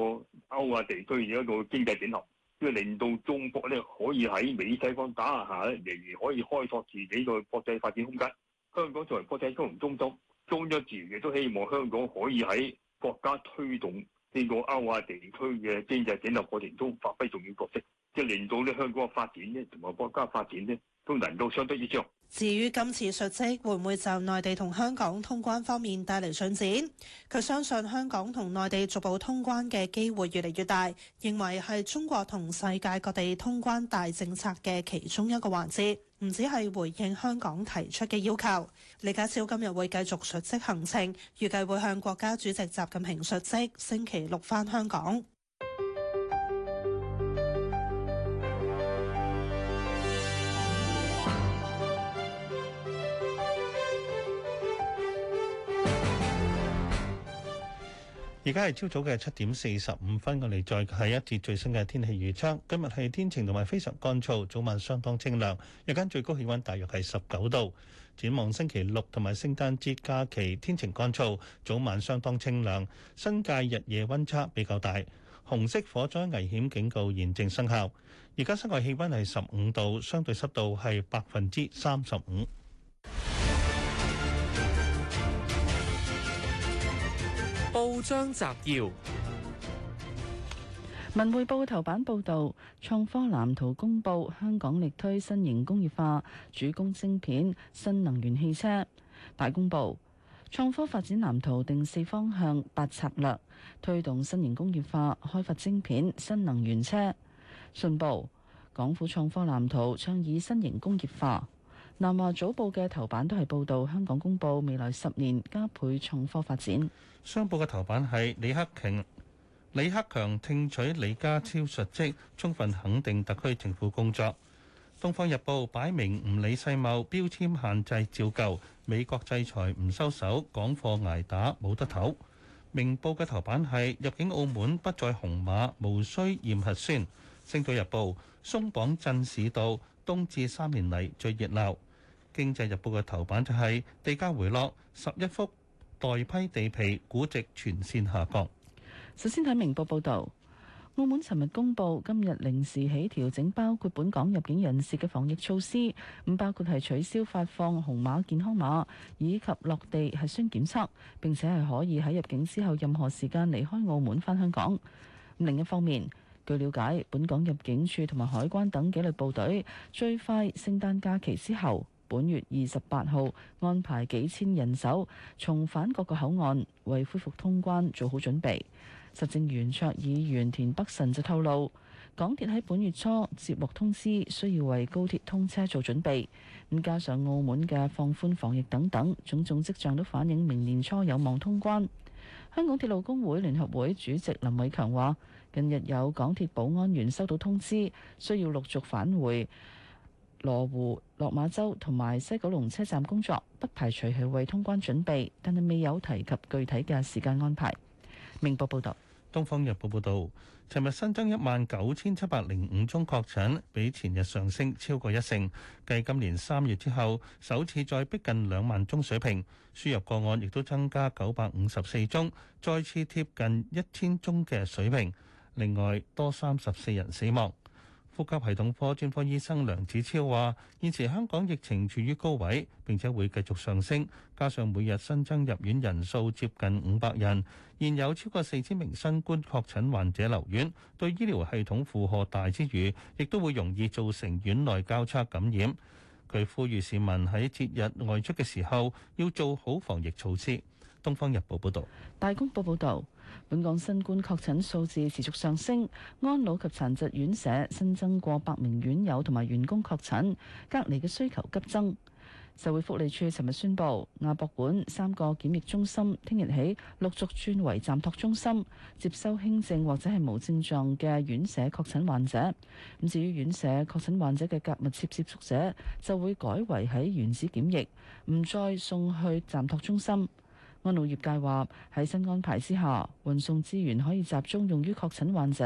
歐亞地區嘅一個經濟整合，即係令到中國咧可以喺美西方打壓下仍然可以開拓自己嘅國際發展空間。香港作為國際金融中心，中央自然亦都希望香港可以喺國家推動呢個歐亞地區嘅經濟整合過程中發揮重要角色。即係令到咧香港發展咧，同埋國家發展咧，都能夠相得益彰。至於今次述職會唔會就內地同香港通關方面帶嚟進展？佢相信香港同內地逐步通關嘅機會越嚟越大，認為係中國同世界各地通關大政策嘅其中一個環節，唔止係回應香港提出嘅要求。李家超今日會繼續述職行程，預計會向國家主席習近平述職，星期六返香港。而家係朝早嘅七點四十五分，我哋再睇一節最新嘅天氣預測。今日係天晴同埋非常乾燥，早晚相當清涼。日間最高氣溫大約係十九度。展望星期六同埋聖誕節假期，天晴乾燥，早晚相當清涼。新界日夜温差比較大。紅色火災危險警告現正生效。而家室外氣溫係十五度，相對濕度係百分之三十五。報章摘要：《文匯報》頭版報道，創科藍圖公佈，香港力推新型工業化，主攻晶片、新能源汽車。《大公報》：創科發展藍圖定四方向八策略，推動新型工業化，開發晶片、新能源車。信報：港府創科藍圖倡議新型工業化。南華早報嘅頭版都係報道香港公布未來十年加倍創科發展。商報嘅頭版係李克強，李克強聽取李家超述職，充分肯定特區政府工作。東方日報擺明唔理世貿，標籤限制照舊，美國制裁唔收手，港貨捱打冇得唞。明報嘅頭版係入境澳門不再紅碼，無需驗核酸。星島日報鬆綁鎮市道，冬至三年嚟最熱鬧。《經濟日報》嘅頭版就係地價回落，十一幅代批地皮估值全線下降。首先睇明報報導，澳門尋日公布今日零時起調整包括本港入境人士嘅防疫措施，咁包括係取消發放紅碼健康碼以及落地核酸檢測，並且係可以喺入境之後任何時間離開澳門返香港。另一方面，據了解，本港入境處同埋海關等紀律部隊最快聖誕假期之後，本月二十八號安排幾千人手重返各個口岸，為恢復通關做好準備。實政圓桌議員田北辰就透露，港鐵喺本月初接獲通知，需要為高鐵通車做準備。咁加上澳門嘅放寬防疫等等，種種跡象都反映明年初有望通關。香港鐵路工會聯合會主席林偉強話，近日有港鐵保安員收到通知，需要陸續返回。羅湖、落馬洲同埋西九龍車站工作，不排除係為通關準備，但係未有提及具體嘅時間安排。明報報道。《東方日報》報道，尋日新增一萬九千七百零五宗確診，比前日上升超過一成，繼今年三月之後首次再逼近兩萬宗水平。輸入個案亦都增加九百五十四宗，再次貼近一千宗嘅水平。另外，多三十四人死亡。呼吸系統科專科醫生梁子超話：現時香港疫情處於高位，並且會繼續上升，加上每日新增入院人數接近五百人，現有超過四千名新冠確診患者留院，對醫療系統負荷大之餘，亦都會容易造成院內交叉感染。佢呼籲市民喺節日外出嘅時候要做好防疫措施。《東方日報》報道。《大公報》報道。本港新冠確診數字持續上升，安老及殘疾院舍新增過百名院友同埋員工確診，隔離嘅需求急增。社會福利署尋日宣布，亞博館三個檢疫中心聽日起陸續轉為暫托中心，接收輕症或者係無症狀嘅院舍確診患者。咁至於院舍確診患者嘅隔密切接觸者，就會改為喺原址檢疫，唔再送去暫托中心。安老業界話：喺新安排之下，運送資源可以集中用於確診患者，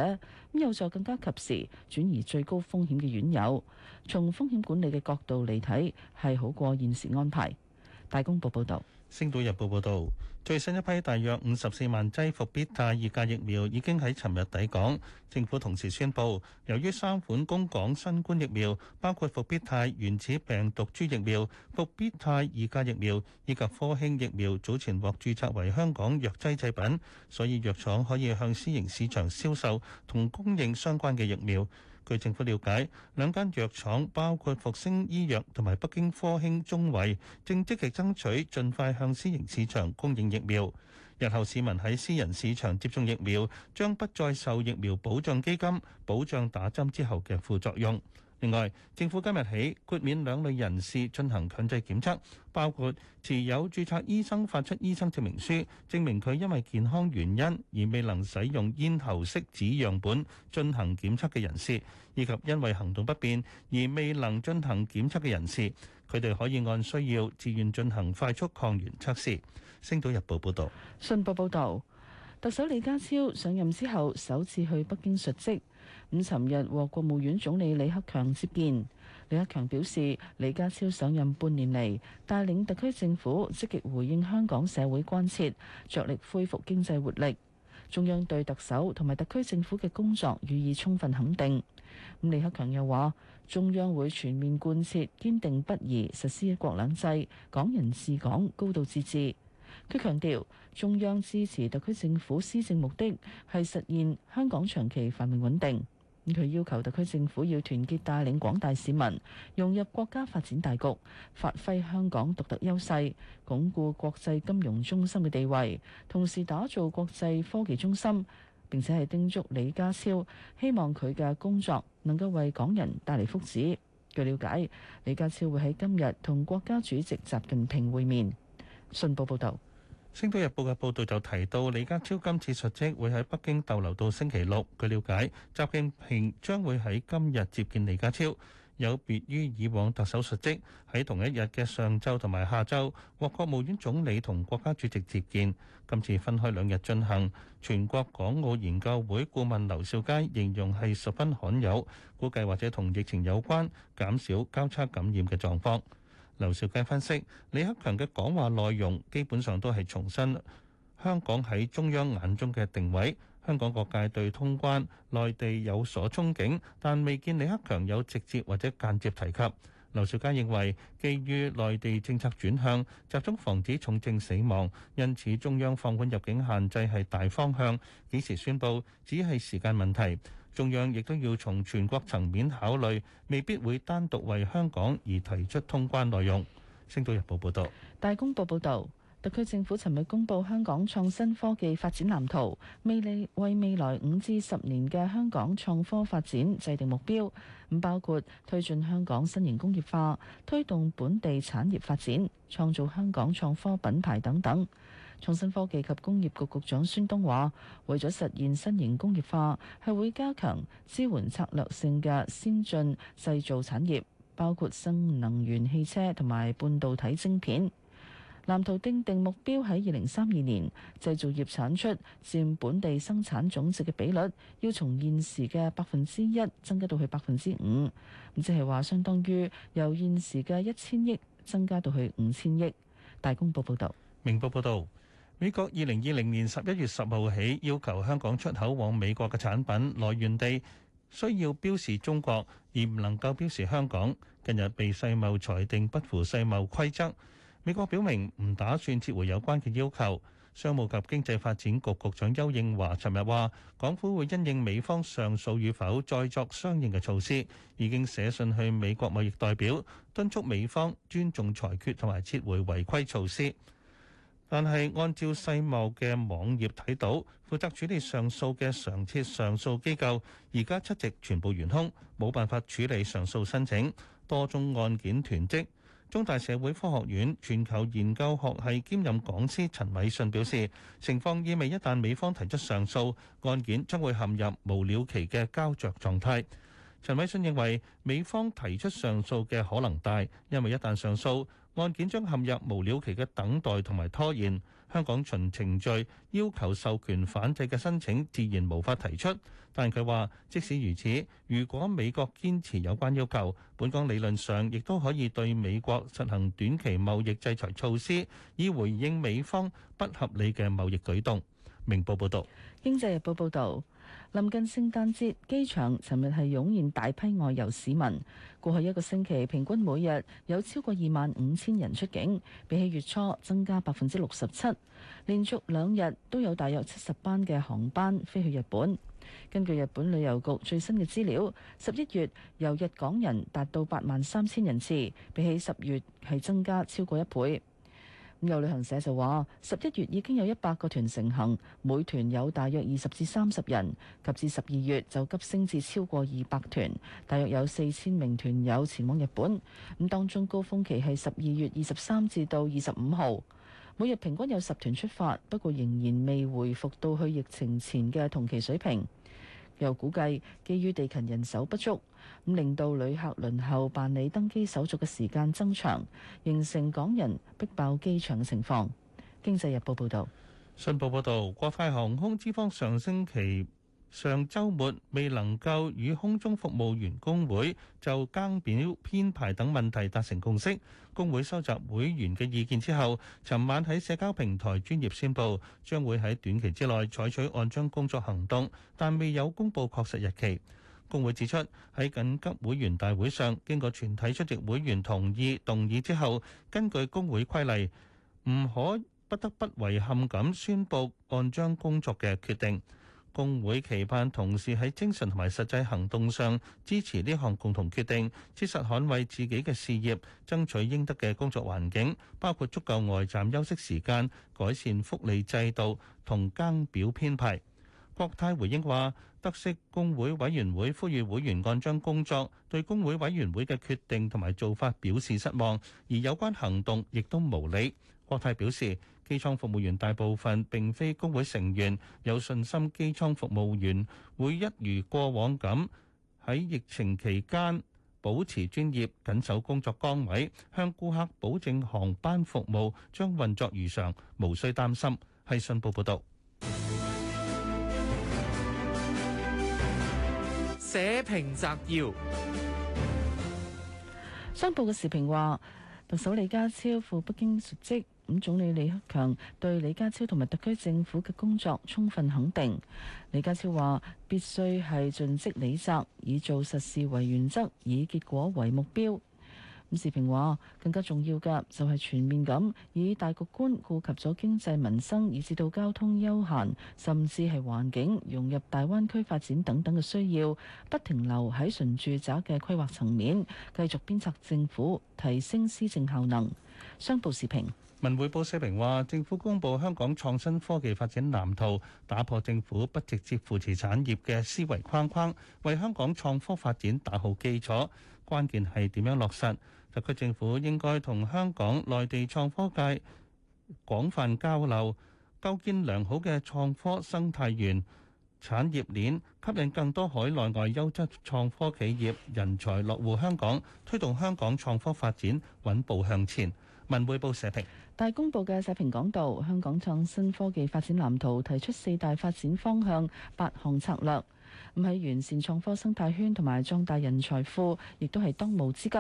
咁有助更加及時轉移最高風險嘅院友。從風險管理嘅角度嚟睇，係好過現時安排。大公報報道。星島日報報導，最新一批大約五十四萬劑復必泰二價疫苗已經喺尋日抵港。政府同時宣布，由於三款供港新冠疫苗，包括復必泰原始病毒株疫苗、復必泰二價疫苗以及科興疫苗，早前獲註冊為香港藥劑製品，所以藥廠可以向私營市場銷售同供應相關嘅疫苗。據政府了解，兩間藥廠包括復星醫藥同埋北京科興中維，正積極爭取盡快向私營市場供應疫苗。日後市民喺私人市場接種疫苗，將不再受疫苗保障基金保障打針之後嘅副作用。另外，政府今日起豁免兩類人士進行強制檢測，包括持有注冊醫生發出醫生證明書證明佢因為健康原因而未能使用咽喉式紙樣本進行檢測嘅人士，以及因為行動不便而未能進行檢測嘅人士。佢哋可以按需要，自願進行快速抗原測試。星島日報報道，信報報道特首李家超上任之後首次去北京述職。五尋日獲國務院總理李克強接見。李克強表示，李家超上任半年嚟，帶領特區政府積極回應香港社會關切，着力恢復經濟活力。中央對特首同埋特區政府嘅工作予以充分肯定。李克強又話，中央會全面貫徹，堅定不移實施一國兩制，港人治港，高度自治。佢強調，中央支持特區政府施政目的係實現香港長期繁榮穩定。佢要求特區政府要團結帶領廣大市民融入國家發展大局，發揮香港獨特優勢，鞏固國際金融中心嘅地位，同時打造國際科技中心。並且係叮囑李家超，希望佢嘅工作能夠為港人帶嚟福祉。據了解，李家超會喺今日同國家主席習近平會面。信報報道。《星島日報》嘅報導就提到，李家超今次述職會喺北京逗留到星期六。據了解，習近平將會喺今日接見李家超，有別於以往特首述職喺同一日嘅上週同埋下週上晝同埋下晝獲國務院總理同國家主席接見，今次分開兩日進行。全國港澳研究會顧問劉少佳形容係十分罕有，估計或者同疫情有關，減少交叉感染嘅狀況。劉兆佳分析，李克強嘅講話內容基本上都係重申香港喺中央眼中嘅定位，香港各界對通關內地有所憧憬，但未見李克強有直接或者間接提及。劉兆佳認為，基於內地政策轉向，集中防止重症死亡，因此中央放寬入境限制係大方向，幾時宣佈只係時間問題。中央亦都要從全國層面考慮，未必會單獨為香港而提出通關內容。星島日報報導，大公報報導，特區政府尋日公布香港創新科技發展藍圖，未嚟為未來五至十年嘅香港創科發展制定目標，咁包括推進香港新型工業化、推動本地產業發展、創造香港創科品牌等等。創新科技及工業局局長孫東話：為咗實現新型工業化，係會加強支援策略性嘅先進製造產業，包括新能源汽車同埋半導體晶片。藍圖訂定目標喺二零三二年，製造業產出佔本地生產總值嘅比率，要從現時嘅百分之一增加到去百分之五，即係話相當於由現時嘅一千億增加到去五千億。大公報報道。明報報導。美國二零二零年十一月十號起要求香港出口往美國嘅產品來源地需要標示中國，而唔能夠標示香港。近日被世貿裁定不符世貿規則，美國表明唔打算撤回有關嘅要求。商務及經濟發展局局長邱應華尋日話，港府會因應美方上訴與否，再作相應嘅措施。已經寫信去美國貿易代表敦促美方尊重裁決同埋撤回違規措施。但係，按照世貿嘅網頁睇到，負責處理上訴嘅常設上訴機構而家七席全部員空，冇辦法處理上訴申請，多宗案件囤積。中大社會科學院全球研究學系兼任講師陳偉信表示，情況意味一旦美方提出上訴，案件將會陷入無了期嘅膠着狀態。陳偉信認為，美方提出上訴嘅可能大，因為一旦上訴，案件將陷入無了期嘅等待同埋拖延，香港循程序要求授權反制嘅申請自然無法提出。但佢話，即使如此，如果美國堅持有關要求，本港理論上亦都可以對美國實行短期貿易制裁措施，以回應美方不合理嘅貿易舉動。明報報道。經濟日報報道。臨近聖誕節，機場尋日係湧現大批外遊市民。過去一個星期，平均每日有超過二萬五千人出境，比起月初增加百分之六十七。連續兩日都有大約七十班嘅航班飛去日本。根據日本旅遊局最新嘅資料，十一月由日港人達到八萬三千人次，比起十月係增加超過一倍。有旅行社就話：十一月已經有一百個團成行，每團有大約二十至三十人，及至十二月就急升至超過二百團，大約有四千名團友前往日本。咁當中高峰期係十二月二十三至到二十五號，每日平均有十團出發，不過仍然未回復到去疫情前嘅同期水平。又估計，基於地勤人手不足，令到旅客輪候辦理登機手續嘅時間增長，形成港人逼爆機場嘅情況。經濟日報報導。信報報導，國泰航空之方上星期上週末未能夠與空中服務員工會就更表編排等問題達成共識。工會收集會員嘅意見之後，尋晚喺社交平台專業宣佈，將會喺短期之內採取按章工作行動，但未有公布確實日期。工會指出，喺緊急會員大會上，經過全體出席會員同意動議之後，根據工會規例，唔可不得不遺憾咁宣佈按章工作嘅決定。工會期盼同事喺精神同埋實際行動上支持呢項共同決定，切實捍衛自己嘅事業，爭取應得嘅工作環境，包括足夠外站休息時間、改善福利制度同更表編排。國泰回應話：得悉工會委員會呼籲會員按章工作，對工會委員會嘅決定同埋做法表示失望，而有關行動亦都無理。國泰表示，機艙服務員大部分並非工會成員，有信心機艙服務員會一如過往咁喺疫情期間保持專業，緊守工作崗位，向顧客保證航班服務將運作如常，無需擔心。係信報報道。社評摘要，商報嘅時評話，特首李家超赴北京述職，咁總理李克強對李家超同埋特區政府嘅工作充分肯定。李家超話，必須係盡職履責，以做實事為原則，以結果為目標。時評話，更加重要嘅就係全面咁以大局觀顧及咗經濟民生，以至到交通、休閒，甚至係環境融入大灣區發展等等嘅需要，不停留喺純住宅嘅規劃層面，繼續鞭策政府提升施政效能。商報時評。文匯報社評話，政府公布香港創新科技發展藍圖，打破政府不直接扶持產業嘅思維框框，為香港創科發展打好基礎。關鍵係點樣落實？特區政府應該同香港內地創科界廣泛交流，構建良好嘅創科生態園產業鏈，吸引更多海內外優質創科企業人才落戶香港，推動香港創科發展穩步向前。文匯報社評大公報嘅社評講道，香港創新科技發展藍圖提出四大發展方向、八項策略，唔係完善創科生態圈同埋壯大人才庫，亦都係當務之急。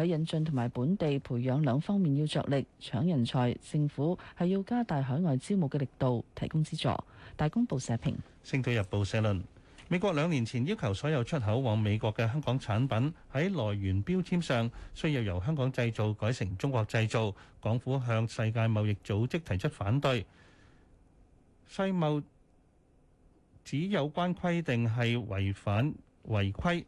喺引進同埋本地培養兩方面要着力搶人才，政府係要加大海外招募嘅力度，提供資助。大公報社評，《星島日報》社論：美國兩年前要求所有出口往美國嘅香港產品喺來源標籤上需要由香港製造改成中國製造，港府向世界貿易組織提出反對。世貿指有關規定係違反違規。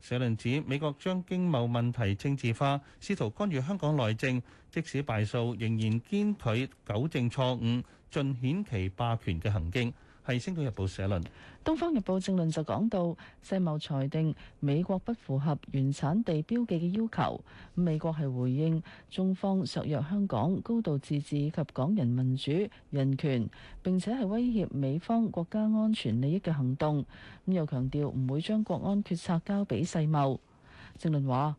社論指美國將經貿問題政治化，試圖干預香港內政，即使敗訴，仍然堅拒糾正錯誤，盡顯其霸權嘅行徑。係《星島日報》社論，《東方日報》正論就講到世貿裁定美國不符合原產地標記嘅要求，咁美國係回應中方削弱香港高度自治及港人民主人權，並且係威脅美方國家安全利益嘅行動。咁又強調唔會將國安決策交俾世貿。正論話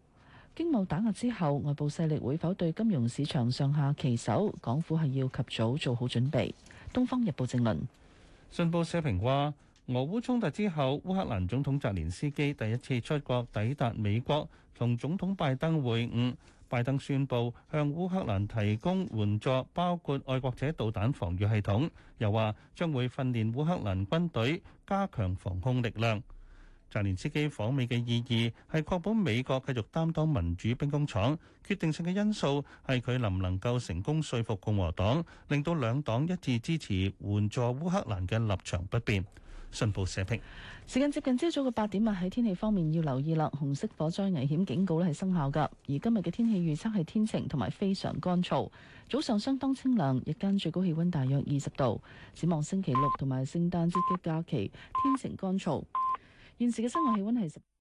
經貿打壓之後，外部勢力會否對金融市場上下其手？港府係要及早做好準備，《東方日報》正論。信報社評話，俄烏衝突之後，烏克蘭總統澤連斯基第一次出國，抵達美國，同總統拜登會晤。拜登宣佈向烏克蘭提供援助，包括愛國者導彈防禦系統，又話將會訓練烏克蘭軍隊，加強防空力量。澤連斯基訪美嘅意義係確保美國繼續擔當民主兵工廠。決定性嘅因素係佢能唔能夠成功說服共和黨，令到兩黨一致支持援助烏克蘭嘅立場不變。信報社評時間接近朝早嘅八點啊！喺天氣方面要留意啦，紅色火災危險警告咧係生效噶。而今日嘅天氣預測係天晴同埋非常乾燥，早上相當清涼，日間最高氣温大約二十度。展望星期六同埋聖誕節嘅假期，天晴乾燥。現時嘅室外氣溫係十。